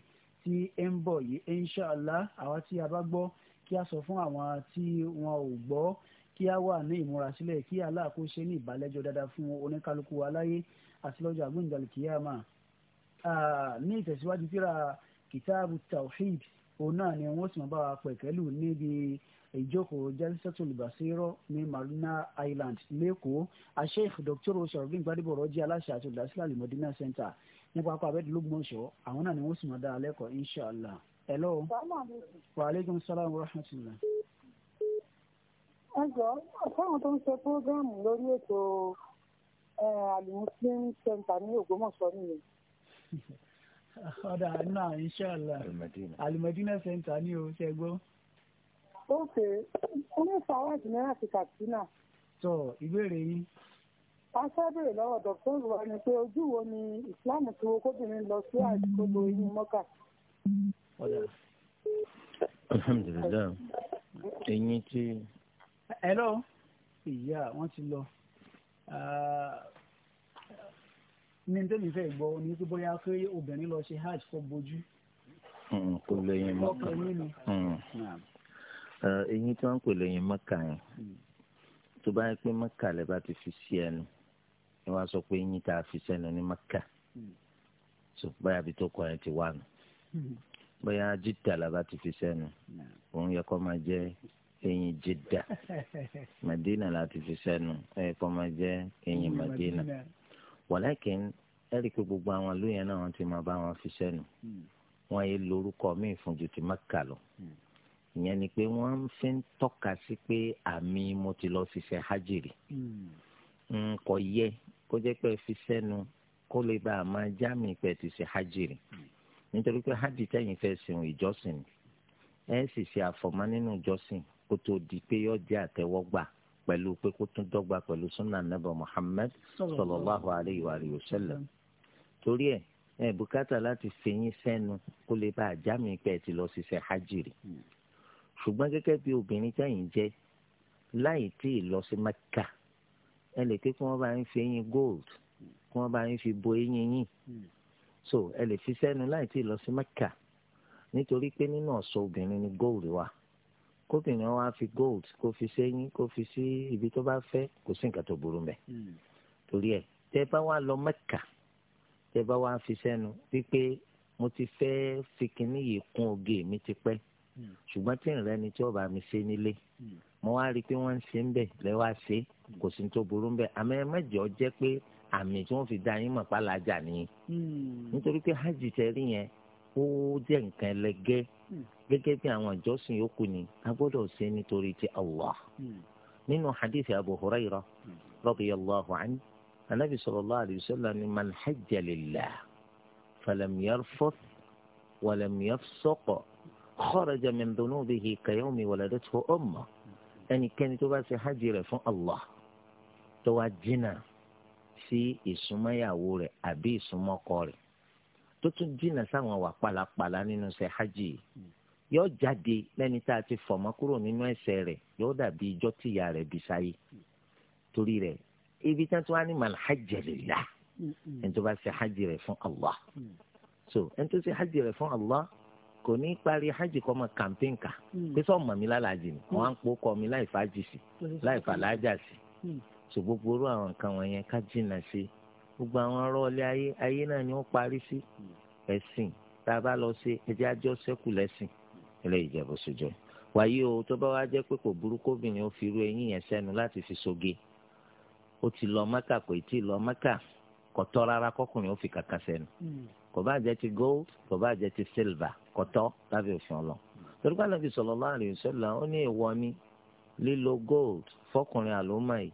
tí ẹ ń bọ̀ yìí inshàlá àwa tí a bá gbọ́ kí a sọ fún àwọn tí wọn ò gbọ́ kí a wà ní ìmúrasílẹ̀ kí aláàkó ṣe ní ìbálẹ́jọ́ dáadáa fún oníkálukú aláyé àti lọ́jọ́ àgbóǹdàlù kìyàmà ní ìtẹ̀síwájú kíra kìtàbù tawhid òun náà ni wọ́n sì máa bá wa pẹ̀kẹ́lù níbi ìjókòó jẹ́sẹ̀tù lùbàṣírọ́ ní marina island lẹ́kọ̀ọ́ asheikh dr sharafdin gbadebo rọ́jí aláṣẹ àti olùdásílẹ̀ alimọ̀dínà center ní pápá abẹ́dìlógúnmọ̀ṣọ́ àwọn náà ni wọ́n sì máa dá a lẹ́kọ̀ọ́ inshallah. hello wa aleykum salaam wa rahmatulah. ẹ jọ fáwọn tó ń ṣe fúrógámù lórí ètò alimuslim center ní ògbómọ̀ṣọ́ nìyẹn ọ̀dà náà inshallah alimadina center ní o ṣe gbọ́ ókè ní fawad náírà ti Katsina. sọ ìbéèrè yín. a fẹ́ bèrè lọ́wọ́ dr olùwà ni pé ojú wo ni Islam ti wo kóbìnrin lọ sí àdìgbò lo inú mọ́kà. alhamdulilayi eyín tí. hello ìyá wọn ti lọ ní tẹ́mi fẹ́ gbọ́ ní kí bóyá pé obìnrin lọ ṣe hajj kó bojú. Mm, kò lóyún mọ́kà. ọkùnrin ni. Mm eyín tí wọ́n ń pè lẹ́yìn mọ́kà yẹn hmm. tó bá yẹ pé mọ́kà lẹ́ bá ti fi sí ẹnu ni wọ́n á sọ pé eyín tá a fi sẹ́nu ní mọ́kà tó hmm. báyà bí tó kọ yẹn ti wà nù hmm. bóyá jìdá lẹ́ bá ti fi sẹ́nu òun yẹ kó máa jẹ́ eyín jìdá màdínà la ti fi sẹ́nu ẹ̀ kó máa jẹ́ eyín màdínà wàlákìn ẹ̀rí pé gbogbo àwọn lóyún náà wọ́n ti máa bá wọn fi sẹ́nu wọ́n yé lórúkọ míì fún ju ti mọ́kà lọ ìyẹn ni pé wọ́n ń fi ń tọ́ka sí pé àmì mo ti lọ ṣiṣẹ́ hajiri hmm. hmm, kò yẹ kó jẹ́ pé fi sẹ́nu kó lè bá a máa jáàmì pé ti ṣe hajiri hmm. nítorí pé hajj tẹ̀yìn fẹ́ sìn ìjọsìn ẹ sì ṣe àfọ̀mọ́ nínú ìjọsìn kó tó di pé yóò jẹ́ àtẹ́wọ́gbà pẹ̀lú pé kó tún dọ́gba pẹ̀lú sunna nebà Muhammad sallallahu alayhi wa sallam torí ẹ̀ ẹ̀ bùkátà láti fẹ̀yìn sẹ́nu kó lè bá a jáàmì pé ti lọ ṣiṣẹ́ hajiri ṣùgbọ́n gẹ́gẹ́ bí obìnrin tẹ̀yìn jẹ́ láì tí ì lọ sí mẹ́kà ẹ lè ké kí wọ́n bá ń fi eyín gold kí wọ́n bá ń fi bo eyín yín so ẹ lè fi sẹ́nu láì tí ì lọ sí mẹ́kà nítorí pé nínú ọ̀ṣọ́ obìnrin ni gold wà kóbìnrin wa fi gold kó fi sẹ́yìn kó fi sí ibi tó bá fẹ́ kò sí nǹkan tó burú mẹ́ torí ẹ tẹ́ bá wá lọ mẹ́kà tẹ́ bá wá fi sẹ́nu wípé mo ti fẹ́ fi kinní yìí kún oge mi ti pẹ́ Hmm. ṣùgbọ́n tí ìrìn ẹni tí ó bá mi ṣe nílé hmm. mo wá rí i pé wọ́n ń ṣe ń bẹ̀ lẹ́wà ṣe hmm. kò sí tó burú ń bẹ̀ àmọ́ ẹ mẹ́jọ jẹ́ pé àmì tí wọ́n fi dá yín mọ̀ pàlàjà nìyí nítorí pé hajj tẹ̀rí yẹn ó jẹ́ nǹkan ẹlẹgẹ́ gẹ́gẹ́ bí àwọn ìjọsìn yòókù ni a gbọ́dọ̀ ṣe nítorí ti Allah nínú hadith Abu Hurairah radiyallahu anhu anabi sallallahu alayhi wa sallam ni man hajja lillah falam yarfuth walam yafsuq kharaja min dhunubihi ka yawmi waladathu ummuh ẹnikẹ́ni tó bá ṣe hajj rẹ̀ fún Allah tó wá jìnnà sí ìsúnmọ́yàwó rẹ̀ àbí ìsúnmọ́kọ rẹ̀ tó tún jìnnà sáwọn wà pálapàla nínú ṣe hajj yìí yóò jáde lẹ́ni tá a ti fọ̀mọ́ kúrò nínú ẹ̀ṣẹ̀ rẹ̀ yóò dàbí ijọ́ tìyà rẹ̀ bí sáyé torí rẹ̀ ibi tí wọ́n ti wá ní màlá hajj lillah ẹni tó bá ṣe hajj rẹ̀ fún Allah so ẹni tó ṣe hajj rẹ̀ fún Allah kò ní parí hajj kọ́ mọ campaign kà hmm. pé sọ mọ̀ mi lálàjì ni wọ́n á hmm. ń pò kọ́ mi láì fàájì sí láì fàlájà sí hmm. so àwọn nǹkan wọ̀nyẹn ká jìnnà sí gbogbo àwọn ọ̀rọ̀ ayé ayé náà ni wọ́n parí sí ẹ̀sìn tá a bá lọ sí ẹjẹ́ àjọ sẹ́kù lẹ́sìn ilé ìjẹ̀bù sójú wàyí o tó bá wá jẹ́ pé kò burúkú obìnrin ó fi irú eyín yẹn sẹ́nu láti fi soge ó ti lọ mẹ́kà kò tí ì lọ mẹ́kà kò tọ́ rárá kọkùnrin ó fi kàkà sẹ́nu kò bá jẹ́ ti gold kò bá jẹ́ ti silver kọtọ lábẹ́ òfin ọlọ torí pé Ànábì sallallahu alaihi wasallam ó ní èèwọ̀ ni lílo gold fọkùnrin àlùmọ yìí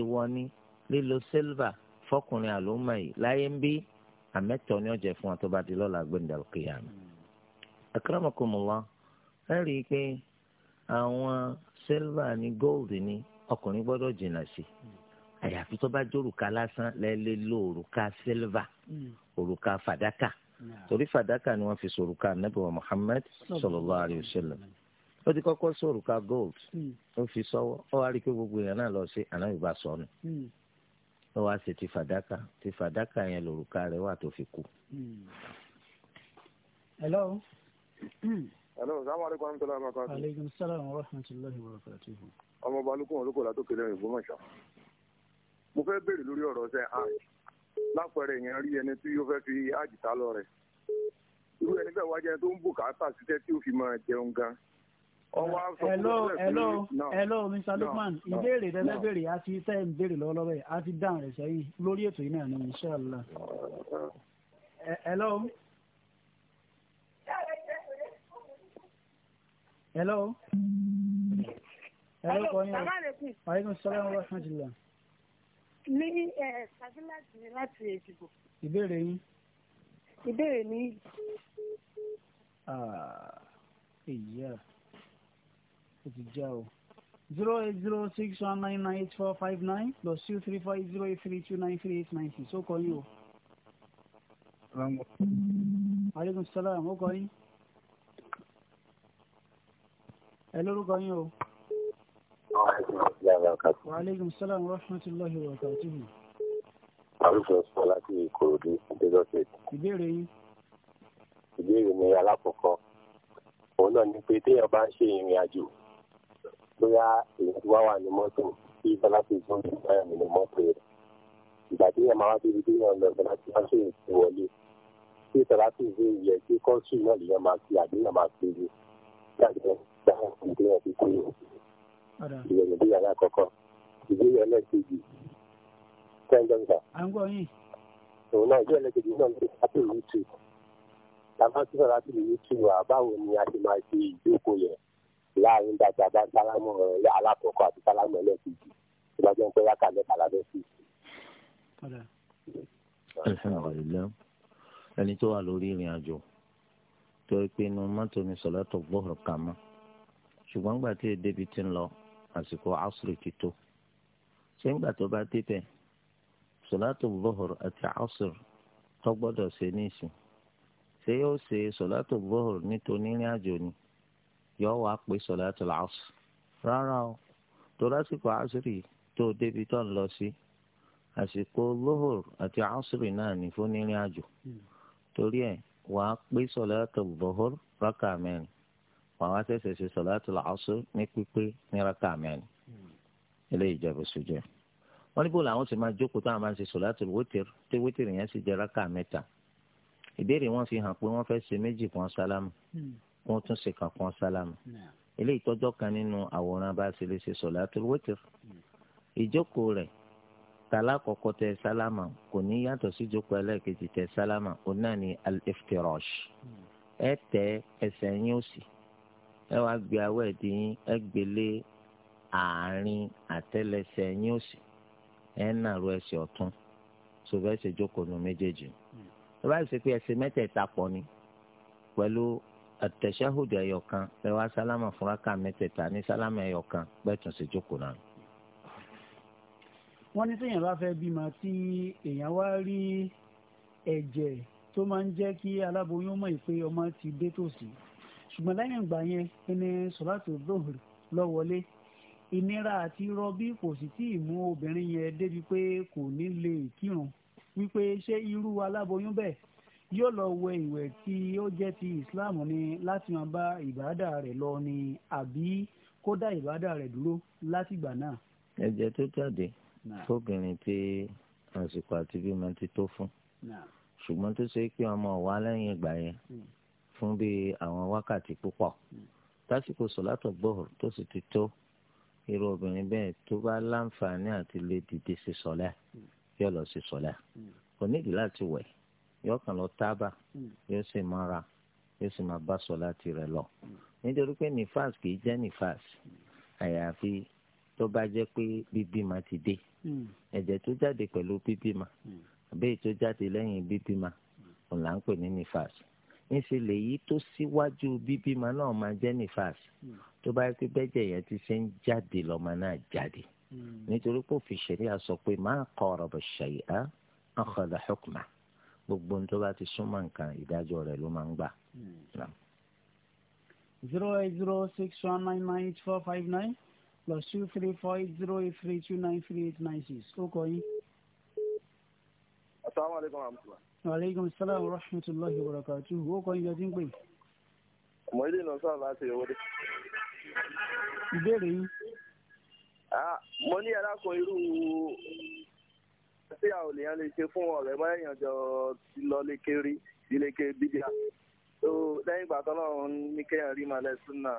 èèwọ̀ ni lílo silver fọkùnrin àlùmọ yìí láyé ń bí àmẹtọ ni ó jẹ́ fún wa tó bá di lọ́la gbẹndàlù kìyàmù. akramakumullah ẹ rí i pé àwọn silver ni gold ni ọkùnrin gbọ́dọ̀ jìnnà sí àyàfi tó bá jórùka lásán lẹ́ẹ̀lẹ́ lò òrùka silver hmm. òrùka fàdákà. Mm torí fàdákà ni wọ́n fi sòrùka ànábì wa Muhammad sallallahu alayhi wa sallam ó ti kọ́kọ́ sòrùka gold hmm. ó fi sọ́wọ́ ó wá rí i pé gbogbo èèyàn náà lọ sí ànábì bá sọnù hmm. ó wá sí ti fàdákà ti fàdákà yẹn lòrùka rẹ̀ wà tó fi kú. Hmm. hello. hello salamu alaykum wa rahmatulahi wa barakatuh. aleykum salaam wa rahmatulahi wa barakatuh. ọmọ balùwẹ̀ olùkọ́ látòkè lẹ́yìn ìgbọ́mọ̀ṣọ́ mo fẹ́ béèrè lórí ọ̀rọ̀ sẹ́ lápẹẹrẹ èèyàn rí ẹni tí yóò fẹ́ fi àjìtá lọ rẹ̀ irú ẹni bẹ́ẹ̀ wájú ẹni tó ń bùkátà síṣẹ́ tí ó fi máa jẹun gan. ọwọ́ hello hello Mr. Lukman ìbéèrè tẹ́lẹ̀ béèrè a ti tẹ́ ń béèrè lọ́wọ́lọ́wọ́ yìí a ti dáhùn rẹ̀ sẹ́yìn lórí ètò yìí náà ní inshallah. hello. ihe hello kọ́ni o. aleykum salaam wa rahmatulah. ní ṣáájú láti láti èdìbò. ìbéèrè yín. ìbéèrè mi. ìyá ah, ó ti já o zero eight zero six one nine nine eight four five nine plus two three four eight zero eight three two nine three eight nine six ó kọ yín o. aleykum salaam ó kọ yín. ẹ lórúkọ yín o. Wa aleykum salaam wa rahmatulahi wa barakatuhu. Àrùfẹ́ sọ láti Ìkòròdú, Lagos State. Ìbéèrè yín. Ìbéèrè mi alákọ̀ọ́kọ́. Òun náà ni pé téèyàn bá ń ṣe ìrìn àjò. Bóyá èèyàn ti wá wà ní mọ́tò tí Bọ́lá ti gbọ́ ní báyà nínú mọ́tò rẹ̀. Ìgbà téèyàn máa wá débi téèyàn lọ Bọ́lá ti wá ṣe ìrìn wọlé. Tí Bọ́lá ti gbé ìyẹn tí kọ́ńtù náà lèèyàn máa fi àdéhùn máa fi rí. Bí àdéhùn ìyẹn ìdí yàrá àkọ́kọ́ ìbéèrè ẹlẹ́ẹ̀kejì tẹ́ńdọ́ńtà. à ń gbọ́ yín. òun náà ìbéèrè ẹlẹ́ẹ̀kejì náà ń pè apple youtube tàbá tí sọ̀rọ̀ apple youtube àbáwo ni a ti máa ṣe ìjókòó yẹn láàrin dàgbà bá sálámù ọ̀rẹ́ alákọ̀ọ́kọ́ àti sálámù ẹlẹ́ẹ̀kejì tó bá jẹ́ pé wákà mẹ́ta lábẹ́ sí i. alhamdulilayi ẹni tó wà lórí ìrìn àjò tó ẹ mọ́tò ni sọ̀lá gbọ́ ṣùgbọ́n gbà tí èdè bíi ti ń lọ àsìkò asri ti tó ṣé ńgbà tó bá débẹ̀ sọ̀látò bọ́hùr àti asri tó gbọ́dọ̀ ṣe níìsín ṣé yóò ṣe sọ̀látò bọ́hùr nítorí rìn àjò ni yóò wá pé sọ̀látò asri rárá o tó lásìkò asri tó débi tó ń lọ sí àsìkò bọ́hùr àti asri náà ní fún rìn àjò hmm. torí ẹ̀ wàá pé sọ̀látò bọ́hùr rákà mẹ́rin ọ̀pọ̀lọpọ̀ àwọn asẹ́sẹ̀ ṣe sọ̀láàtúl àṣr ní pípé ní rákà mẹ́rin eléyìí jẹ́ bó ṣe jẹ́ wọ́n ní bó làwọn sì máa jókòó táwọn máa ń ṣe sọ̀láàtúl wítìr tí wítìr yẹn sì jẹ́ rákà mẹ́ta ìbéèrè wọn fi hàn pé wọ́n fẹ́ ṣe méjì kan sálámù hmm. wọ́n tún ṣe kan kan sálámù hmm. eléyìí tọ́jọ́ kan nínú àwòrán bá ṣe lè ṣe sọ̀láàtúl wítìr hmm. ìjókòó rẹ̀ tala tẹ sálámà kò ní yàtọ̀ sí jókòó ẹlẹ́ẹ̀kejì tẹ sálámà òun ni al-iftirash ẹ tẹ ẹsẹ̀ yín òsì ẹ wá gbé awọ ẹdì yín ẹ gbélé àárín àtẹ́lẹsẹ̀ yín òsì ẹ nàró ẹsẹ̀ ọ̀tún sọfẹ ẹsẹ̀ jókòó nu méjèèjì ẹ bá ṣe pé ẹsẹ̀ mẹ́tẹ̀ẹ̀ta pọ̀ ni pẹ̀lú àtẹ̀sẹ́hùdù ẹ̀yọ̀kan ẹ wá sálámà fúnraká mẹ́tẹ̀ẹ̀ta ní sálámà ẹ̀yọ̀kan bẹ́ẹ̀tún ṣe jókòó náà. wọ́n ní sẹ́yìn bá fẹ́ bímọ tí èèyàn wá rí ẹ̀jẹ̀ tó máa ń jẹ́ kí aláboyún mọ̀ pé ọmọ ti dé tòsí ṣùgbọ́n lẹ́yìn ìgbà yẹn ẹni sọ̀láàtì zuhri lọ wọlé ìnira àti rọbí kò sì tí ì mú obìnrin yẹn débi pé kò ní lè kírun wípé ṣé irú aláboyún bẹ́ẹ̀ yóò lọ wẹ ìwẹ̀ tí ó jẹ́ ti islam ni láti máa bá ìbádà rẹ̀ lọ ni àbí kó dá ìbádà rẹ̀ dúró látìgbà náà. ẹ̀jẹ̀ tó jáde fóbìnrin tí àsìkò àti bímọ ti tó fún ṣùgbọ́n tó ṣe pé ọmọ wà lẹ́yìn ìgbà yẹn hmm fún bí àwọn wákàtí púpọ̀ tásìkò sọ̀látọ̀ gbọ́hùn tó sì ti tó irú obìnrin bẹ́ẹ̀ tó bá láǹfààní àti lè dìde sí sọ̀lá yóò lọ sí sọ̀lá kò nídìí láti wẹ̀ yóò kàn lọ tábà yóò sì máa ra yóò sì máa bá sọ̀lá tirẹ̀ lọ nítorí pé nífàs kì í jẹ́ nífàs àyàfi tó bá jẹ́ pé bíbímọ ti dé ẹ̀jẹ̀ tó jáde pẹ̀lú bíbímọ àbẹ́yìí tó jáde lẹ́yìn bíbímọ ọ̀là ń pè ní nífàs níṣẹ́ lèyí tó síwájú bíbímọ náà máa jẹ́ nífàs hmm. tó bá yẹ pé bẹ́jẹ̀ yẹn ti ṣe ń jáde lọ́mọ náà jáde hmm. nítorí pé òfin ṣẹ̀ríà sọ pé má qaraba shay'a akhadha hukma gbogbo ní tó bá ti súnmọ́ nǹkan ìdájọ́ rẹ̀ ló máa ń gbà. Hmm. zero eight zero six one nine nine eight four five nine plus two three four eight zero eight three two nine three eight nine six ó kọ yín. asalaamualeykum aleykum salaam wa rahmatulahi wa barakatuhu ó kọ́ iye tí ń pè. mo ilé ìnà sọ̀rọ̀ láti ìwọ́de. ìbéèrè ah, mo ní alákan irú tí a ò lè yan lè ṣe fún ọ̀rẹ́ mọ́ èèyàn jọ ti lọ lékè rí ìlékè bídíà tó lẹ́yìn ìgbà tó náà ní kéèyàn rí màlẹ́ súnà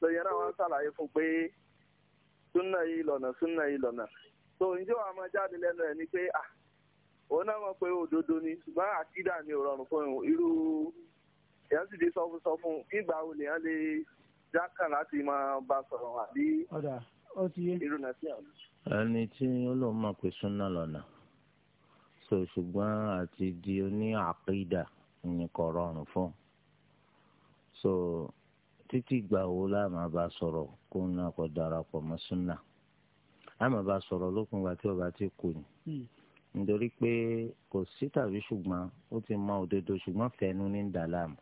tó yẹn náà wọ́n ṣàlàyé fún pé súnà yìí lọ́nà súnà yìí lọ́nà tó ǹjẹ́ wàá máa jáde lẹ́nu ẹ̀ ni pé ah òun náà mọ̀ pé òdodo ni ṣùgbọ́n àkídà ni fún un irú èèyàn sì di sọfún sọfún lati wo lèèyàn lè jákàn láti máa bá sọ̀rọ̀ àbí irú náà ẹni tí ó pé súnà so ṣùgbọ́n àti di oní àkídà ni kò rọrùn so títí gbà wo máa bá sọ̀rọ̀ kó náà kó darapọ̀ mọ́ súnà máa bá tí ọba ni. Hmm. nítorí pé kò sí tàbí ṣùgbọ́n ó ti mọ òdodo ṣùgbọ́n fẹ́nu ní dàlámù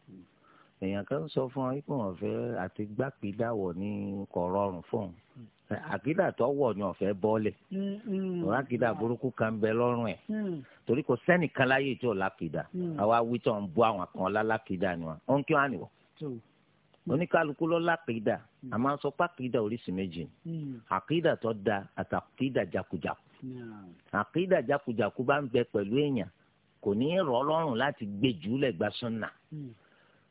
èèyàn kan sọ fún ọ pé wọn fẹ́ àti gbàpídàwọ ní kọrọrùn fún un àkídà tó wọ ni ọfẹ bọọlẹ ọ̀rọ̀ àkídà burúkú kan bẹ lọ́rùn ẹ̀ mm-hmm. torí kò sẹ́nìkan láyé tí ò lákìdá mm-hmm. àwa wíjọ ń bọ àwọn kan lálákìdá ni wọn ó ń kí wọn àníwọ oníkálukú ló lákìdá mm-hmm. àmọ́ sọ pé oríṣi méjì ni tó da àtàkídà jákujàku àkídà jákujàku bá ń bẹ pẹ̀lú èèyàn kò ní í rọ̀ lọ́rùn láti gbé jùlẹ̀ gba sunna hmm.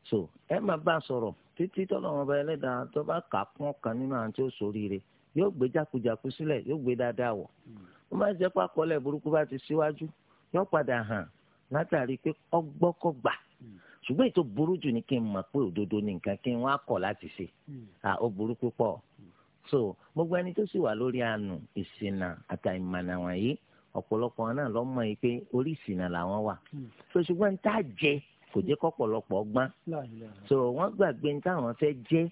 so ẹ máa bá a sọ̀rọ̀ títí tọ́lọ́ wọn bá ẹlẹ́dàá tó bá kà á pọ́n kan nínú àwọn tí ó ṣoríire yóò gbé jákujàku sílẹ̀ yóò gbé dáadáa wọ̀ wọ́n hmm. máa jẹ́ pákọ́lẹ̀ burúkú bá ti síwájú yóò padà hàn látàrí pé ọgbọ́kọ̀gbà hmm. ṣùgbọ́n ètò burú jù ní kí n mọ̀ pé òdodo ni nǹkan kí n wá kọ̀ láti ṣe ó burú púpọ̀ so gbogbo ẹni tó sì wà lórí àánú ìṣìnà àtàìmọ̀nà wọ̀nyí ọ̀pọ̀lọpọ̀ náà ló yìí pé orí ìṣìnà làwọn wà hmm. so ṣùgbọ́n ní tá a jẹ kò jẹ́ kọ́pọ̀lọpọ̀ gbọ́n so wọ́n gbàgbé ní táwọn fẹ́ jẹ́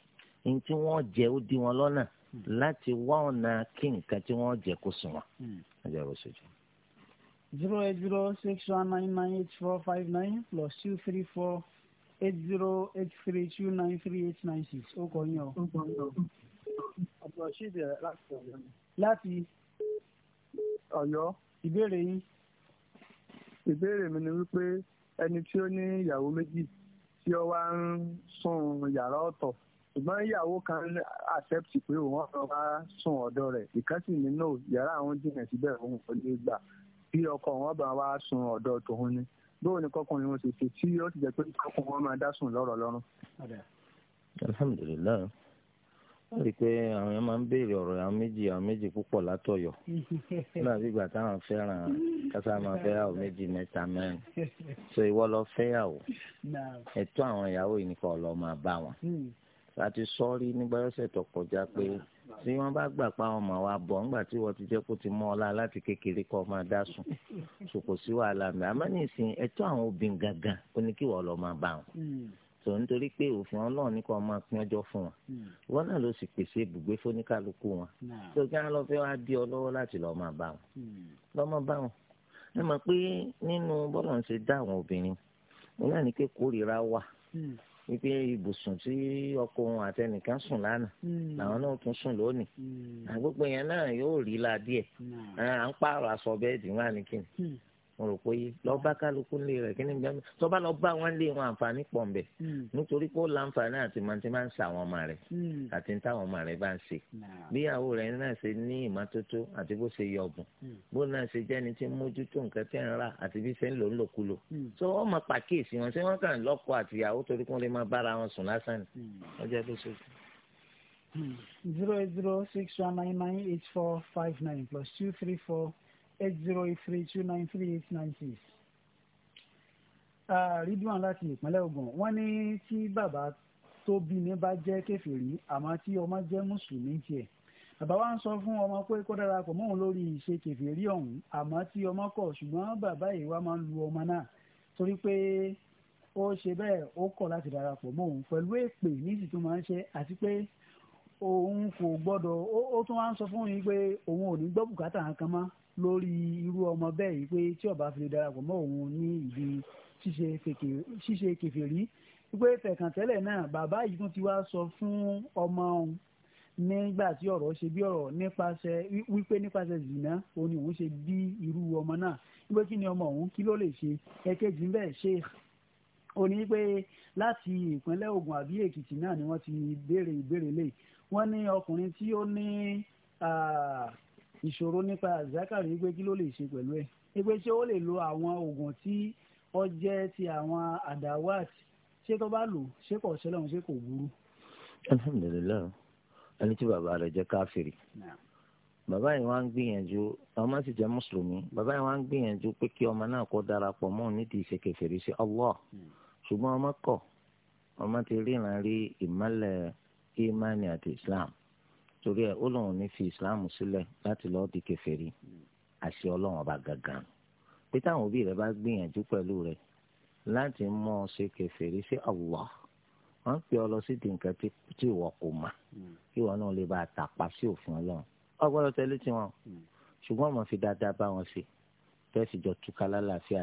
ní tí wọ́n jẹ ó di wọn lọ́nà hmm. láti wá ọ̀nà kí nǹkan tí wọ́n jẹ kó sùn wọn. Hmm. zero eight zero six one nine nine eight four five nine plus two three four eight zero eight three two nine three eight nine six ó kọ yín o rasheed láti ọ̀yọ́ ìbéèrè yín. ìbéèrè mi ni wípé ẹni tí ó ní ìyàwó méjì tí ó wá ń sùn yàrá ọ̀tọ̀ ṣùgbọ́n ìyàwó kan accept pé òun ọ̀rọ̀ wá sùn ọ̀dọ̀ rẹ̀ ìkan sì ní no yàrá àwọn jìnnà síbẹ̀ òun kò lè gbà bí ọkọ wọn bá wá sùn ọ̀dọ̀ tòun ni bóò ní kọkùnrin wọn ṣèṣe tí ó ti jẹ́ pé kọkùnrin wọn máa dá sùn lọ́rọ̀ lọ́rùn. alhamdulilayi rí i pé àwọn yẹn máa ń béèrè ọ̀rọ̀ àwọn méjì àwọn méjì púpọ̀ látọ̀yọ̀ náà bí ìgbà táwọn fẹ́ràn kásá máa fẹ́yàwó méjì mẹ́ta mẹ́rin so ìwọ lọ fẹ́yàwó ẹ̀tọ́ àwọn ìyàwó yìí nìkan lọ máa bá wọn àti sọ́ọ́rí nígbà yọ̀sẹ̀ tó kọjá pé tí wọ́n bá gbà pa ọmọ wa bọ̀ ńgbà tí wọ́n ti jẹ́ kó ti mọ́ ọ la láti kékeré kọ́ máa dá sùn so kò sí wàhálà mi àmọ́ ní ìsìn ẹ̀tọ́ àwọn obìnrin gangan ó ní tó ń torí pé òfin ọlọ́run ní kò máa pín ọjọ́ fún wọn hmm. wọn náà ló sì pèsè ibùgbé fóníkálukú wọn tó kí wọn lọ fẹ́ wá dí ọ lọ́wọ́ láti lọ́ọ́ máa bá wọn hmm. lọ́ọ́ máa bá wọn ẹ mọ̀ pé nínú bọ́lọ̀ ń ṣe dá àwọn obìnrin wọn náà ní pé kórìíra wà hmm. wípé ibùsùn tí ọkọ òun àtẹnìkan sùn lánàá làwọn náà tún sùn lónìí gbogbo yẹn náà yóò rí la díẹ̀ à ń pààrọ̀ aṣọ bẹ́ẹ̀dì wọn mo rò pé lọ bá kálukú lé rẹ̀ kí ni bẹ́ẹ̀ mi tó bá lọ bá wọn lé wọn àǹfààní pọ̀ nbẹ̀ hmm. nítorí pé ó láǹfààní àti máa ti máa ń sa àwọn ọmọ rẹ̀ hmm. àti táwọn ọmọ rẹ̀ bá ń ṣe bíyàwó rẹ̀ náà ṣe ní ìmọ́tótó àti bó ṣe yọ ọ̀bùn hmm. bó náà ṣe jẹ́ ni tí ń mójútó nǹkan tẹ́ ń rà àti bí ṣe ń lò ń lòkulò tó wọ́n máa pàkíyèsí wọn ṣé wọ́n kàn lọ́kọ àtìyàwó torí kí lè máa bára wọn sùn lásán ni ọjọ́ ló ṣe zero eight zero six one nine nine eight four five nine plus two three four eight zero three two nine three eight nine six. Ah, ridwan láti ìpínlẹ̀ Ògùn wọ́n ní tí bàbá tó bí mi bá jẹ́ kèfèrí àmọ́ tí ọmọ jẹ́ mùsùlùmí tiẹ̀ bàbá wa ń sọ fún ọmọ pé kó darapọ̀ mọ́ òun lórí ìṣe kèfèrí ọ̀hún àmọ́ tí ọmọ kọ̀ ṣùgbọ́n bàbá yìí wá máa ń lu ọmọ náà torí pé ó ṣe bẹ́ẹ̀ ó kọ̀ láti darapọ̀ mọ́ òun pẹ̀lú èpè níṣì tó máa ń ṣe àti pé òun kò gbọ́dọ̀ ó tún wá ń sọ fún yín pé òun ò ní gbọ́ bùkátà kan mọ́ lórí irú ọmọ bẹ́ẹ̀ yìí pé tí ó bá fi lè darapọ̀ mọ́ òun ní ìdí ṣíṣe kèfèrí wípé fẹ̀kàntẹ́lẹ̀ náà bàbá yìí tún ti wá sọ fún ọmọ òun nígbà tí ọ̀rọ̀ ṣe bí ọ̀rọ̀ nípasẹ̀ wípé nípasẹ̀ zina òun ni òun ṣe bí irú ọmọ náà wípé kí ni ọmọ òun kí ló lè ṣe ẹ̀kejì ń ṣe ó ní pé láti ìpínlẹ̀ Ògùn àbí Èkìtì náà ni wọ́n ti béèrè ìbéèrè lè wọ́n ní ọkùnrin tí ó ní ìṣòro nípa zakari, pé kí ló lè ṣe pẹ̀lú ẹ̀ pé ṣé ó lè lo àwọn oògùn tí ó jẹ́ ti àwọn àdáwàt ṣé tó bá lò ṣé kò ṣẹlẹ̀ òun ṣé kò burú. alhamdulilayi ẹni tí bàbá rẹ̀ jẹ́ káfíìrì bàbá yìí wá ń gbìyànjú ọmọ sì jẹ́ mùsùlùmí bàbá yìí wá ń gbìyànjú pé kí ọmọ náà kó darapọ̀ mọ́ nídìí ìṣe sí Allah hmm. ṣùgbọ́n ọmọ kọ̀ ọmọ ti ríran rí ìmọ́lẹ̀ ìmánì àti Islam torí ẹ ó lóun ní fi islam sílẹ̀ láti lọ́ọ́ di kèfèrí àṣẹ ọlọ́run ọba gangan pé táwọn òbí rẹ bá gbìyànjú pẹ̀lú rẹ láti mọ ọ ṣe kèfèrí sí Allah wọn pè ọ lọ sí di nǹkan tí ìwọ kò mà kí ìwọ náà lè bá a tàpá sí òfin ọlọ́run ọ gbọ́dọ̀ tẹ̀lé tiwọn ṣùgbọ́n mo fi dáadáa bá wọn ṣe tẹsí jọ túká lálàáfíà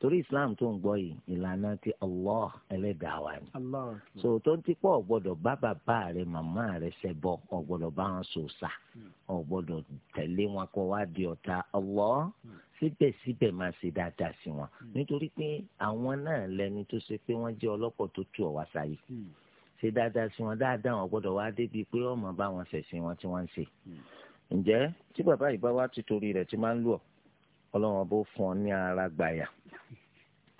torí islam tó ń gbọ́ yìí ìlànà ti allah ẹlẹ́dàá wa ni. so tó ń tipọ́ ọ̀gbọ́dọ̀ bá bàbá rẹ màmá rẹ ṣẹbọ ọ̀gbọ́dọ̀ bá wọn sọ sà ọ̀gbọ́dọ̀ tẹ̀lé wọn kó wá di ọ̀tá allah síbẹ̀síbẹ̀ máa ṣe dáadáa sí wọn hmm. nítorí pé àwọn náà lẹni tó ṣe pé wọ́n jẹ́ ọlọ́pọ̀ tó tú ọ̀wá sáyé hmm. ṣe dáadáa sí wọn dáadáa wọn gbọ́dọ̀ wá débi pé ọmọ bá wọn ṣẹ̀sìn wọn tí wọ́n ń ṣe hmm. ǹjẹ́ tí bàbá yìí ti torí rẹ̀ ti máa ń lù ọ́ ọlọ́run bó fún ọ ní ara gbàyà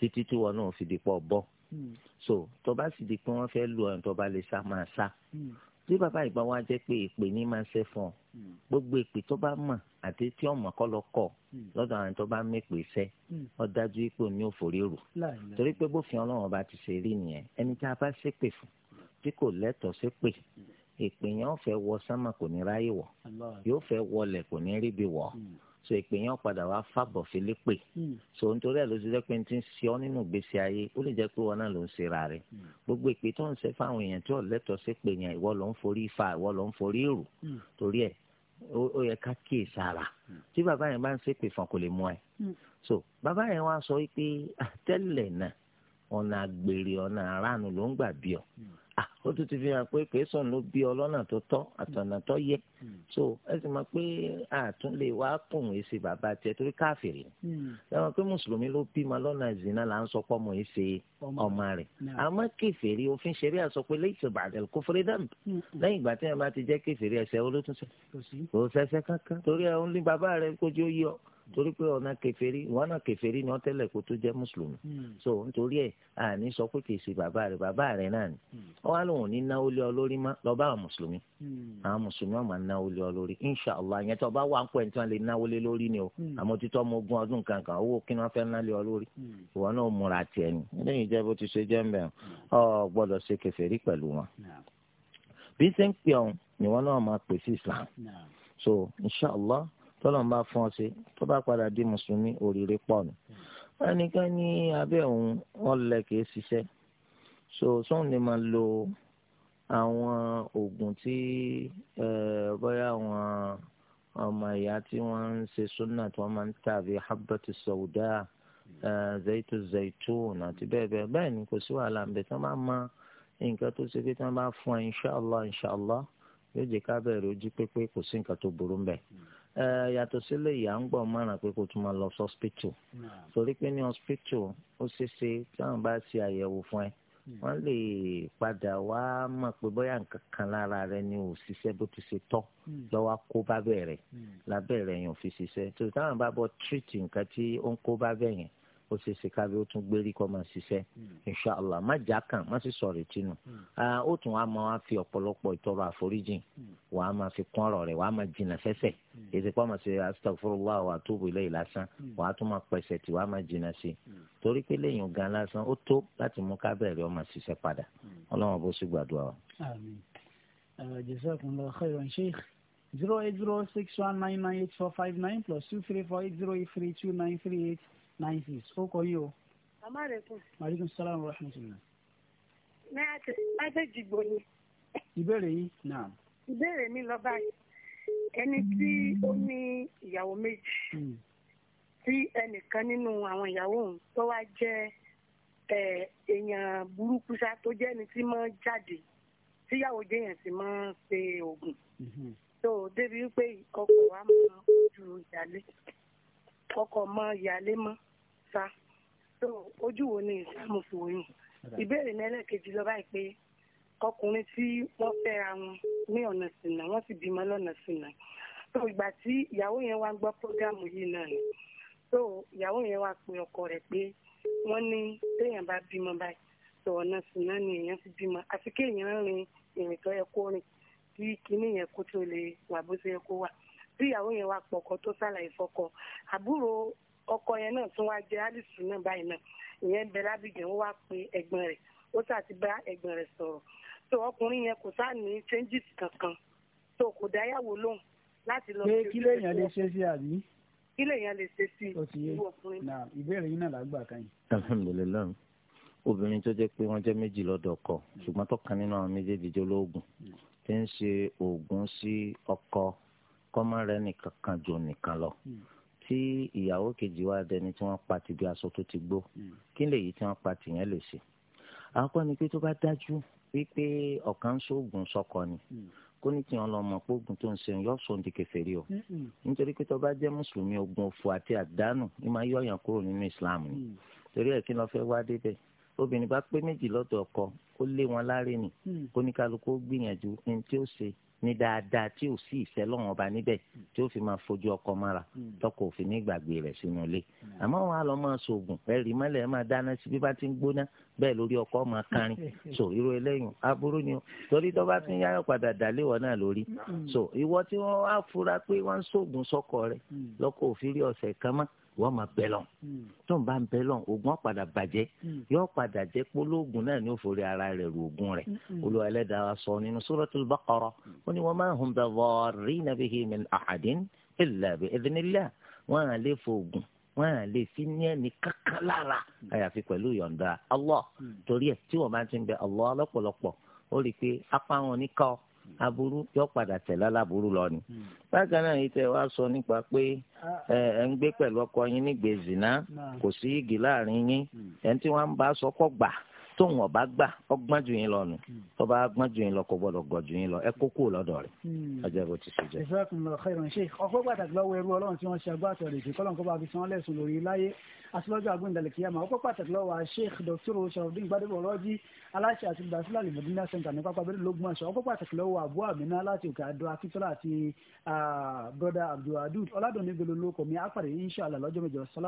títí tí wọn náà fi di pọ̀ bọ́ hmm. so tó bá sì di pé wọ́n fẹ́ lu ọ̀run tó bá lè sá máa sá tí hmm. bàbá ìgbà wa jẹ́ pé èpè ní máa ṣe fún ọ hmm. gbogbo èpè tó bá mọ̀ àti tí ọmọ kọ́ lọ kọ̀ lọ́dọ̀ àwọn tó bá mẹ́pè sẹ́ ọ dájú pé òní ò forí rò torí pé bófin ọlọ́run ọba ti ṣe rí nìyẹn ẹni tí a bá ṣépè fún tí kò lẹ́tọ̀ọ́ ṣépè èpè yẹn ó wọ sánmà kò ní ráyè wọ̀ yóò fẹ́ wọlẹ̀ kò ní ríbi wọ̀ so èpè yẹn padà wá fàbọ̀ fílẹ̀ pè hmm. so nítorí ẹ̀ ló ti jẹ́ pé n ti ń ṣe ọ́ nínú ìgbésí ayé ó lè jẹ́ pé wọn náà ló ń ṣe ra rẹ̀ hmm. gbogbo èpè tó ń ṣe fáwọn èèyàn tí ò lẹ́tọ̀ọ́ sí pè yẹn ìwọ ló ń forí fa ìwọ ló ń forí rù hmm. torí ẹ̀ ó yẹ ká kíyè sára tí bàbá yẹn bá ń ṣépè fún kò lè mú ẹ so bàbá yẹn wá sọ pé ah, tẹ́lẹ̀ náà ọ̀nà àgbèrè ọ̀nà àránù ló ń gbà bí ọ ó tún ti fi hàn pé kẹsàn ló bí ọlọ́nà tó tọ́ àtọ̀nà tó yẹ so ẹ sì mọ̀ pé àtún lè wá kùn ún ṣe bàbá tiẹ̀ torí káfìrì lẹ́wọ̀n hmm. pé mùsùlùmí ló bímọ lọ́nà zina là ń sọ pé ọmọ yìí ṣe ọmọ rẹ̀ hmm. àmọ́ kẹfìrì òfin ṣẹ̀rí àsọ pé lẹ́yìn ìṣèbà àdẹ̀lù kó fẹ́rẹ́ dànù hmm. lẹ́yìn ìgbà tí ẹ bá ti jẹ́ kẹfìrì ẹ̀ṣẹ̀ olótúnṣe kò sẹ́sẹ́ kankan torí ẹ̀ ń lé bàbá rẹ̀ kójú yọ torí pé ọ̀nà kèfèrí ìwọ náà kèfèrí ni wọ́n tẹ́lẹ̀ kó tó jẹ́ mùsùlùmí hmm. so nítorí ẹ̀ àní sọ pé kì í ṣe bàbá rẹ̀ bàbá rẹ̀ náà ni hmm. wọ́n wá lóun ní náwó lé ọ lórí mọ́ lọ́ọ́ bá àwọn mùsùlùmí hmm. àwọn mùsùlùmí wọn máa náwó lé ọ lórí inshàlá yẹn tó bá wà ń pẹ́ tí wọ́n lè náwó lé lórí ni o àmọ́ títọ́ mo gún ọdún kankan owó kí wọ́n fẹ́ ná lé ọ lórí ìwọ náà múra tiẹ̀ ni lẹ́yìn jẹ́ bó Islam so inshàlá tọ́lọ̀ ń bá fọ́n ṣe tó bá padà di mùsùlùmí òrìrì pọ̀ ni. ẹnìkan ní abẹ́ òun wọ́n lẹ kìí ṣiṣẹ́ so sóun ni máa lo àwọn oògùn tí bóyá àwọn ọmọ ìyá tí wọ́n ń ṣe súnà tí wọ́n máa ń tàbí habbatu sauda zaitu zaitun àti bẹ́ẹ̀ bẹ́ẹ̀ bẹ́ẹ̀ ni kò sí wàhálà ń bẹ tí wọ́n bá máa nǹkan tó ṣe pé tí wọ́n bá fún ẹ inṣàlá inṣàlá yóò jẹ́ ká bẹ̀rẹ̀ ojú pépé kò sí nǹkan tó burú ń yàtọ̀ sílẹ̀ ìyá ń gbọ́ márùn pé kó tún máa lọ sí hospital torí pé ní hospital ó ṣeéṣe tí wọ́n bá ṣe àyẹ̀wò fún ẹ hmm. wọ́n lè padà wá mọ̀ pé bóyá nǹkan kan lára rẹ ni ò ṣiṣẹ́ bó ti ṣe tọ́ hmm. lọ́wọ́ kó bá bẹ̀rẹ̀ hmm. lábẹ́rẹ̀ yẹn ò fi ṣiṣẹ́ tó táwọn bá bọ́ treat nǹkan tí ó ń kó bá bẹ̀yẹn ó ṣe ṣe kábí ó tún gbérí kọ́ máa ṣiṣẹ́ hmm. inshàlá má jà kàn má sì sọ̀rọ̀ ìtinú hmm. ó tún wá máa fi ọ̀pọ̀lọpọ̀ ìtọrọ àforíjìn hmm. wà á máa fi kún ọ̀rọ̀ rẹ̀ wà á máa jìnà sẹ́sẹ̀ èsì pọ́ máa ṣe astaghfirullah wa atubu ilayhi lásán wà á tún máa pẹ̀sẹ̀ tí wà á máa jìnà sí torí pé lẹ́yìn ọ̀gá lásán ó tó láti mú kábẹ̀rẹ̀ ọmọ ṣiṣẹ́ padà ọlọ́run bó sì gbàdúrà wa. àmín jazakumullahu khairan sheikh zero eight zero six one nine nine eight four five nine plus two three four eight zero eight three two nine three eight nine six ó kọ yín o. amaaleykum. maaleykum salaam wa rahmatulah. náà ti pàṣẹ jìgbò ni. ìbéèrè yín náà. ìbéèrè mi lọ báyìí ẹni tí ó ní ìyàwó méjì hmm. tí ẹnìkan nínú àwọn ìyàwó òun tó wá jẹ́ èèyàn burúkú sá tó jẹ́ ẹni tí máa jáde tíyàwó jẹ́yàn sì máa ń oògùn tó hmm. débi wípé ọkọ wa máa ń ju ìyálé ọkọ mọ ìyálé mọ́ sá tó ojú wo ni ìsáàmù fi wòyàn ìbéèrè ní ẹlẹ́ẹ̀kejì lọ́ba yìí pé ọkùnrin tí wọ́n fẹ́ra wọn ní ọ̀nà sìnà wọ́n sì bímọ lọ́nà sìnà tó ìgbà tí ìyàwó yẹn wá ń gbọ́ prógámù yìí náà ni tó ìyàwó yẹn wá pe ọkọ rẹ̀ pé wọ́n ní téèyàn bá bímọ báyìí tó ọ̀nà sìnà ni èèyàn fi bímọ àti kéèyàn rin ìrìn tó yẹ kó rìn kí kinní yẹn kó tó lè wà bó ṣe yẹ kó wà tí ìyàwó yẹn wá pọkọ tó ṣàlàyé fọ́kọ àbúrò ọkọ yẹn náà tún wá jẹ alice náà báyìí náà ìyẹn bẹ lábìjẹ ń wá pe ẹ̀gbọ́n rẹ̀ ó sà ti bá ẹ̀gbọ́n rẹ̀ sọ̀rọ̀ tó ọkùnrin yẹn kò sáà changes kankan tó kò dáyàwó lóhùn láti lọ. pé kí lèèyàn lè ṣe sí àbí. kí lèèyàn lè ṣe sí ìlú ọkùnrin. na ìbéèrè yín náà làgbà kan yìí. alhamdulilayi obìnrin tó jẹ́ pé wọ́n jẹ́ méjì lọ́dọ̀ ọkọ ṣùgbọ́n tó kan nínú àwọn méjèèjì jẹ́ olóògùn tí ń ṣe oògùn sí ọkọ kọ́mọ́rẹ́ nìkan kan jò nìkan lọ. Hmm tí ìyàwó kejì wa dẹni tí wọ́n pa ti bí aṣọ tó ti gbó hmm. kí lèyí tí wọ́n pa tìyẹn lè ṣe. àkọ́kọ́ ni pé tó bá dájú wípé ọ̀kan ṣoògùn sọkọ ni hmm. kó ní tiwọn lọ mọ̀ pé oògùn tó ń ṣe yọ sọ ní kèfèrí o hmm. nítorí pé tó bá jẹ́ mùsùlùmí oògùn òfò àti àdánù ni máa yọ ọ̀yàn kúrò nínú ìsìláàmù ni torí ẹ̀ kí ló fẹ́ wá débẹ̀ obìnrin bá pé méjì lọ́dọ̀ ọkọ ó lé wọn láre ni kó ní kálukú gbìyànjú ní tí ó ṣe ní dáadáa tí ò sí ìfẹ́ lọ́wọ́n ọba níbẹ̀ tí ó fi máa fojú ọkọ mára hmm. tọkọ òfin ní ìgbàgbé rẹ̀ sínú ilé hmm. àmọ́ wọn á lọ máa sògùn ẹ̀rì mọ́lẹ̀ máa dáná sí bí bá ti ń gbóná bẹ́ẹ̀ lórí ọkọ máa kárin so irú eléyìí aburú ni o torí tó bá ti ń yáyọ̀ padà dálé wọn náà lórí hmm. so ìwọ tí wọ́n á fura pé wọ́n ń sògùn sọ́kọ rẹ̀ lọ́kọ òfin rí ọ̀sẹ̀ kan mọ́ wọ́n máa bẹ̀ lọ hmm. tó ń bá ń bẹ̀ lọ oògùn ọ̀padà bàjẹ́ hmm. yóò padà jẹ́ polóògùn náà ní òfòrí ara rẹ̀ lu oògùn rẹ̀ hmm. Olúwa Ẹlẹ́dàá sọ nínú Suratul Baqara ó ní wa ma hum bidarrina bihi min ahadin illa bi idhnillah wọ́n á lè fòògùn wọn à lè fi ní ẹni kankan lára àyàfi pẹ̀lú yọ̀ǹda Allah torí ẹ̀ tí wọ́n bá ti ń bẹ Allah lọ́pọ̀lọpọ̀ aburú yọ padà tẹ̀lé aláburú lọ ni. Hmm. bákan náà yìí tẹ wá sọ nípa pé ah. ẹ ń gbé pẹ̀lú ọkọ yín nígbè zina hmm. kò sí igi láàrin yín hmm. ẹni tí wọ́n bá sọkọ̀ gbà tóun ọba gbà ọgbọ́n ju yín lọ nù hmm. tọba ọgbọ́n ju yín lọ kò gbọdọ̀ gbọ́ ju yín lọ ẹ kó kúrò lọ́dọ̀ rẹ̀ ọjọ́ hmm. bó ti ṣe jẹ́. ìfẹ́kùnlọ xeyìrán ṣe ọ̀pọ̀ pàtàkì lọ́wọ́ ẹrú ọlọ́run tí wọ́n ṣe agbáàtọ̀ rẹ̀ jù kọ́lọ́n kó bá fi lórí láyé aṣíwájú agbóhùndàlẹ̀ kìyàmà ọ̀pọ̀ pàtàkì lọ́wọ́ sheikh dr sharafdin gbadebo aláṣẹ àti gbàsílà lè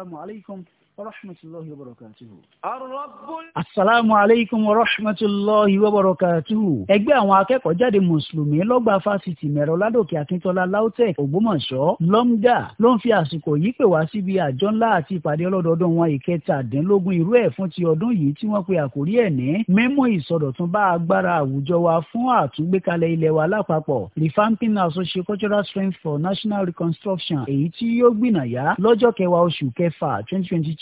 mọ̀dúnlá ورحمة الله وبركاته الرب السلام عليكم ورحمة الله وبركاته ẹgbẹ́ àwọn akẹ́kọ̀ọ́ jáde mùsùlùmí lọ́gbà fásitì mẹ́rọ ládòkè akíntola lautech ògbómọ̀ṣọ́ lọ́mdà ló ń fi àsìkò yìí pè wá síbi àjọ ńlá àti ìpàdé ọlọ́dọọdún wọn ìkẹtàdínlógún irú ẹ̀ fún ti ọdún yìí tí wọ́n pe àkórí ẹ̀ ní mímú ìsọdọ̀tun bá agbára àwùjọ wa fún àtúngbékalẹ̀ ilẹ̀ wa lápapọ̀ revamping cultural strength for national reconstruction èyí tí yóò gbìnàyà lọ́jọ́ kẹwàá oṣù kẹfà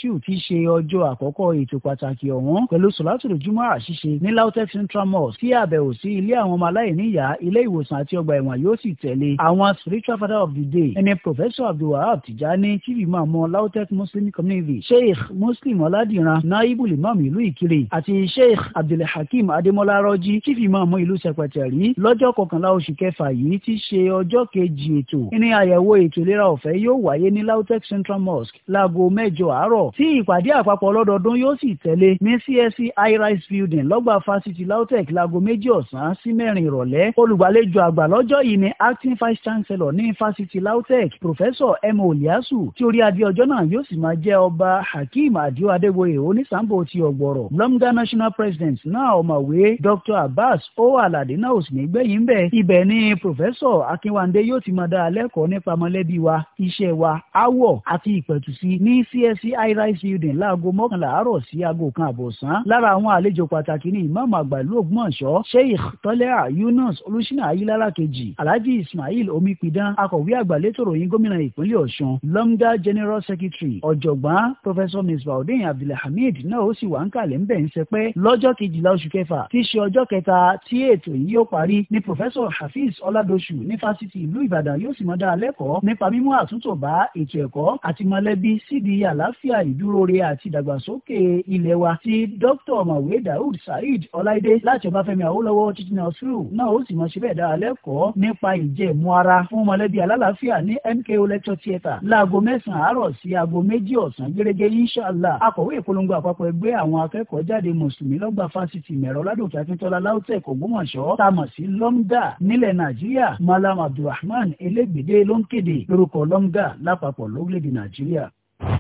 Tiu ti ṣe ọjọ́ àkọ́kọ́ ètò pàtàkì ọ̀hún pẹ̀lú sọ̀látùlù júmọ́ àṣìṣe ní Lautech Central Mosque tí àbẹ̀wò sí ilé àwọn ọmọ aláìníyá ilé ìwòsàn àti ọgbà ẹ̀wọ̀n yóò sì tẹ̀lé àwọn spiritual father of the day ẹni Professor Abdulwahab Tijani chief imam Lautech Muslim Community Sheikh Muslim Ọládìran naibu imam ìlú Ìkirè àti Sheikh Abdulhakeem Adémọ́lá Rọ́jí chief imam ìlú Ṣẹpẹtẹrí lọ́jọ́ kọkànlá oṣù kẹfà yìí ti ṣe ọjọ́ kejì ètò ìní àyẹ̀wò ètò ìlera ọ̀fẹ́ yóò wáyé ní Lautech Central Mosque láago mẹ́jọ àárọ̀ tí ìpàdé àpapọ̀ ọlọ́dọọdún yóò sì tẹ̀lé ní CSC high-rise building lọ́gbà fásitì lautech láago méjì ọ̀sán sí mẹ́rin ìrọ̀lẹ́ olùgbàlejò àgbà lọ́jọ́ yìí ni acting vice chancellor ní fásitì lautech professor emma oliasu tí orí adé ọjọ́ náà yóò sì máa jẹ́ ọba hakeem adio adéboyè onísàmbò ti ọ̀gbọ̀rọ̀ lọ́mdà national president náà ọ̀mọ̀wé dr abbas o alade náà ò sì ní gbẹ̀yìn bẹ́ẹ̀ ibẹ̀ ni professor akínwándé yóò ti máa dá a lẹ́kọ̀ọ́ nípa mọ̀lẹ́bí wa iṣẹ́ wa awọ̀ àti ìpẹ̀tùsí ní CSC high rice building láago mọ́kànlá àárọ̀ sí aago kan àbọ̀sán lára àwọn àlejò pàtàkì ní ìmáàmù àgbà ìlú ògbómọ̀ṣọ́ sheikh tọ́lẹ́à yunus olùṣínà ayílára kejì alhaji ismail omipidan akọ̀wé àgbà létò ìròyìn gómìnà ìpínlẹ̀ ọ̀ṣun lọ́mdà general secretary ọ̀jọ̀gbọ́n professor misbaudin abdulhamid náà ó sì wà ń kàlẹ̀ ń bẹ̀ ń sẹ pé lọ́jọ́ kejìlá oṣù kẹfà tí ṣe ọjọ́ kẹta tí ètò yìí yóò parí ni professor hafiz ọládọ̀ṣù ní fásitì ìlú ìbàdàn yóò sì mọ dáa lẹ́kọ̀ọ́ nípa mímú àtúntò bá ètò ẹ̀kọ́ àti mọ̀lẹ́bí sídìí ìdúró re àti ìdàgbàsókè ilẹ̀ wa ti dókítà ọ̀mọ̀wé daoud saheed ọláìdé láti ọbáfẹ́mi awólọ́wọ́ títí náà sùúrù náà ó sì mọ̀ síbẹ̀ dára lẹ́kọ̀ọ́ nípa ìjẹ̀mú ara fún mọ̀lẹ́bí alálàáfíà ní mko lecture theatre láago mẹ́sàn-án àárọ̀ sí aago méjì ọ̀sán gẹ́gẹ́ inshallah akọ̀wé ìpolongo àpapọ̀ ẹgbẹ́ àwọn akẹ́kọ̀ọ́ jáde mùsùlùmí lọ́gbà fásitì mẹ̀rọ ládòkè akíntọ́lá lautech ògbómọ̀ṣọ́ tá a mọ̀ sí lọ́mdà nílẹ̀ nàìjíríà malam abdulrahman elégbèdé ló ń kéde lórúkọ lọ́mdà lápapọ̀ lórílẹ̀‐èdè nàìjíríà.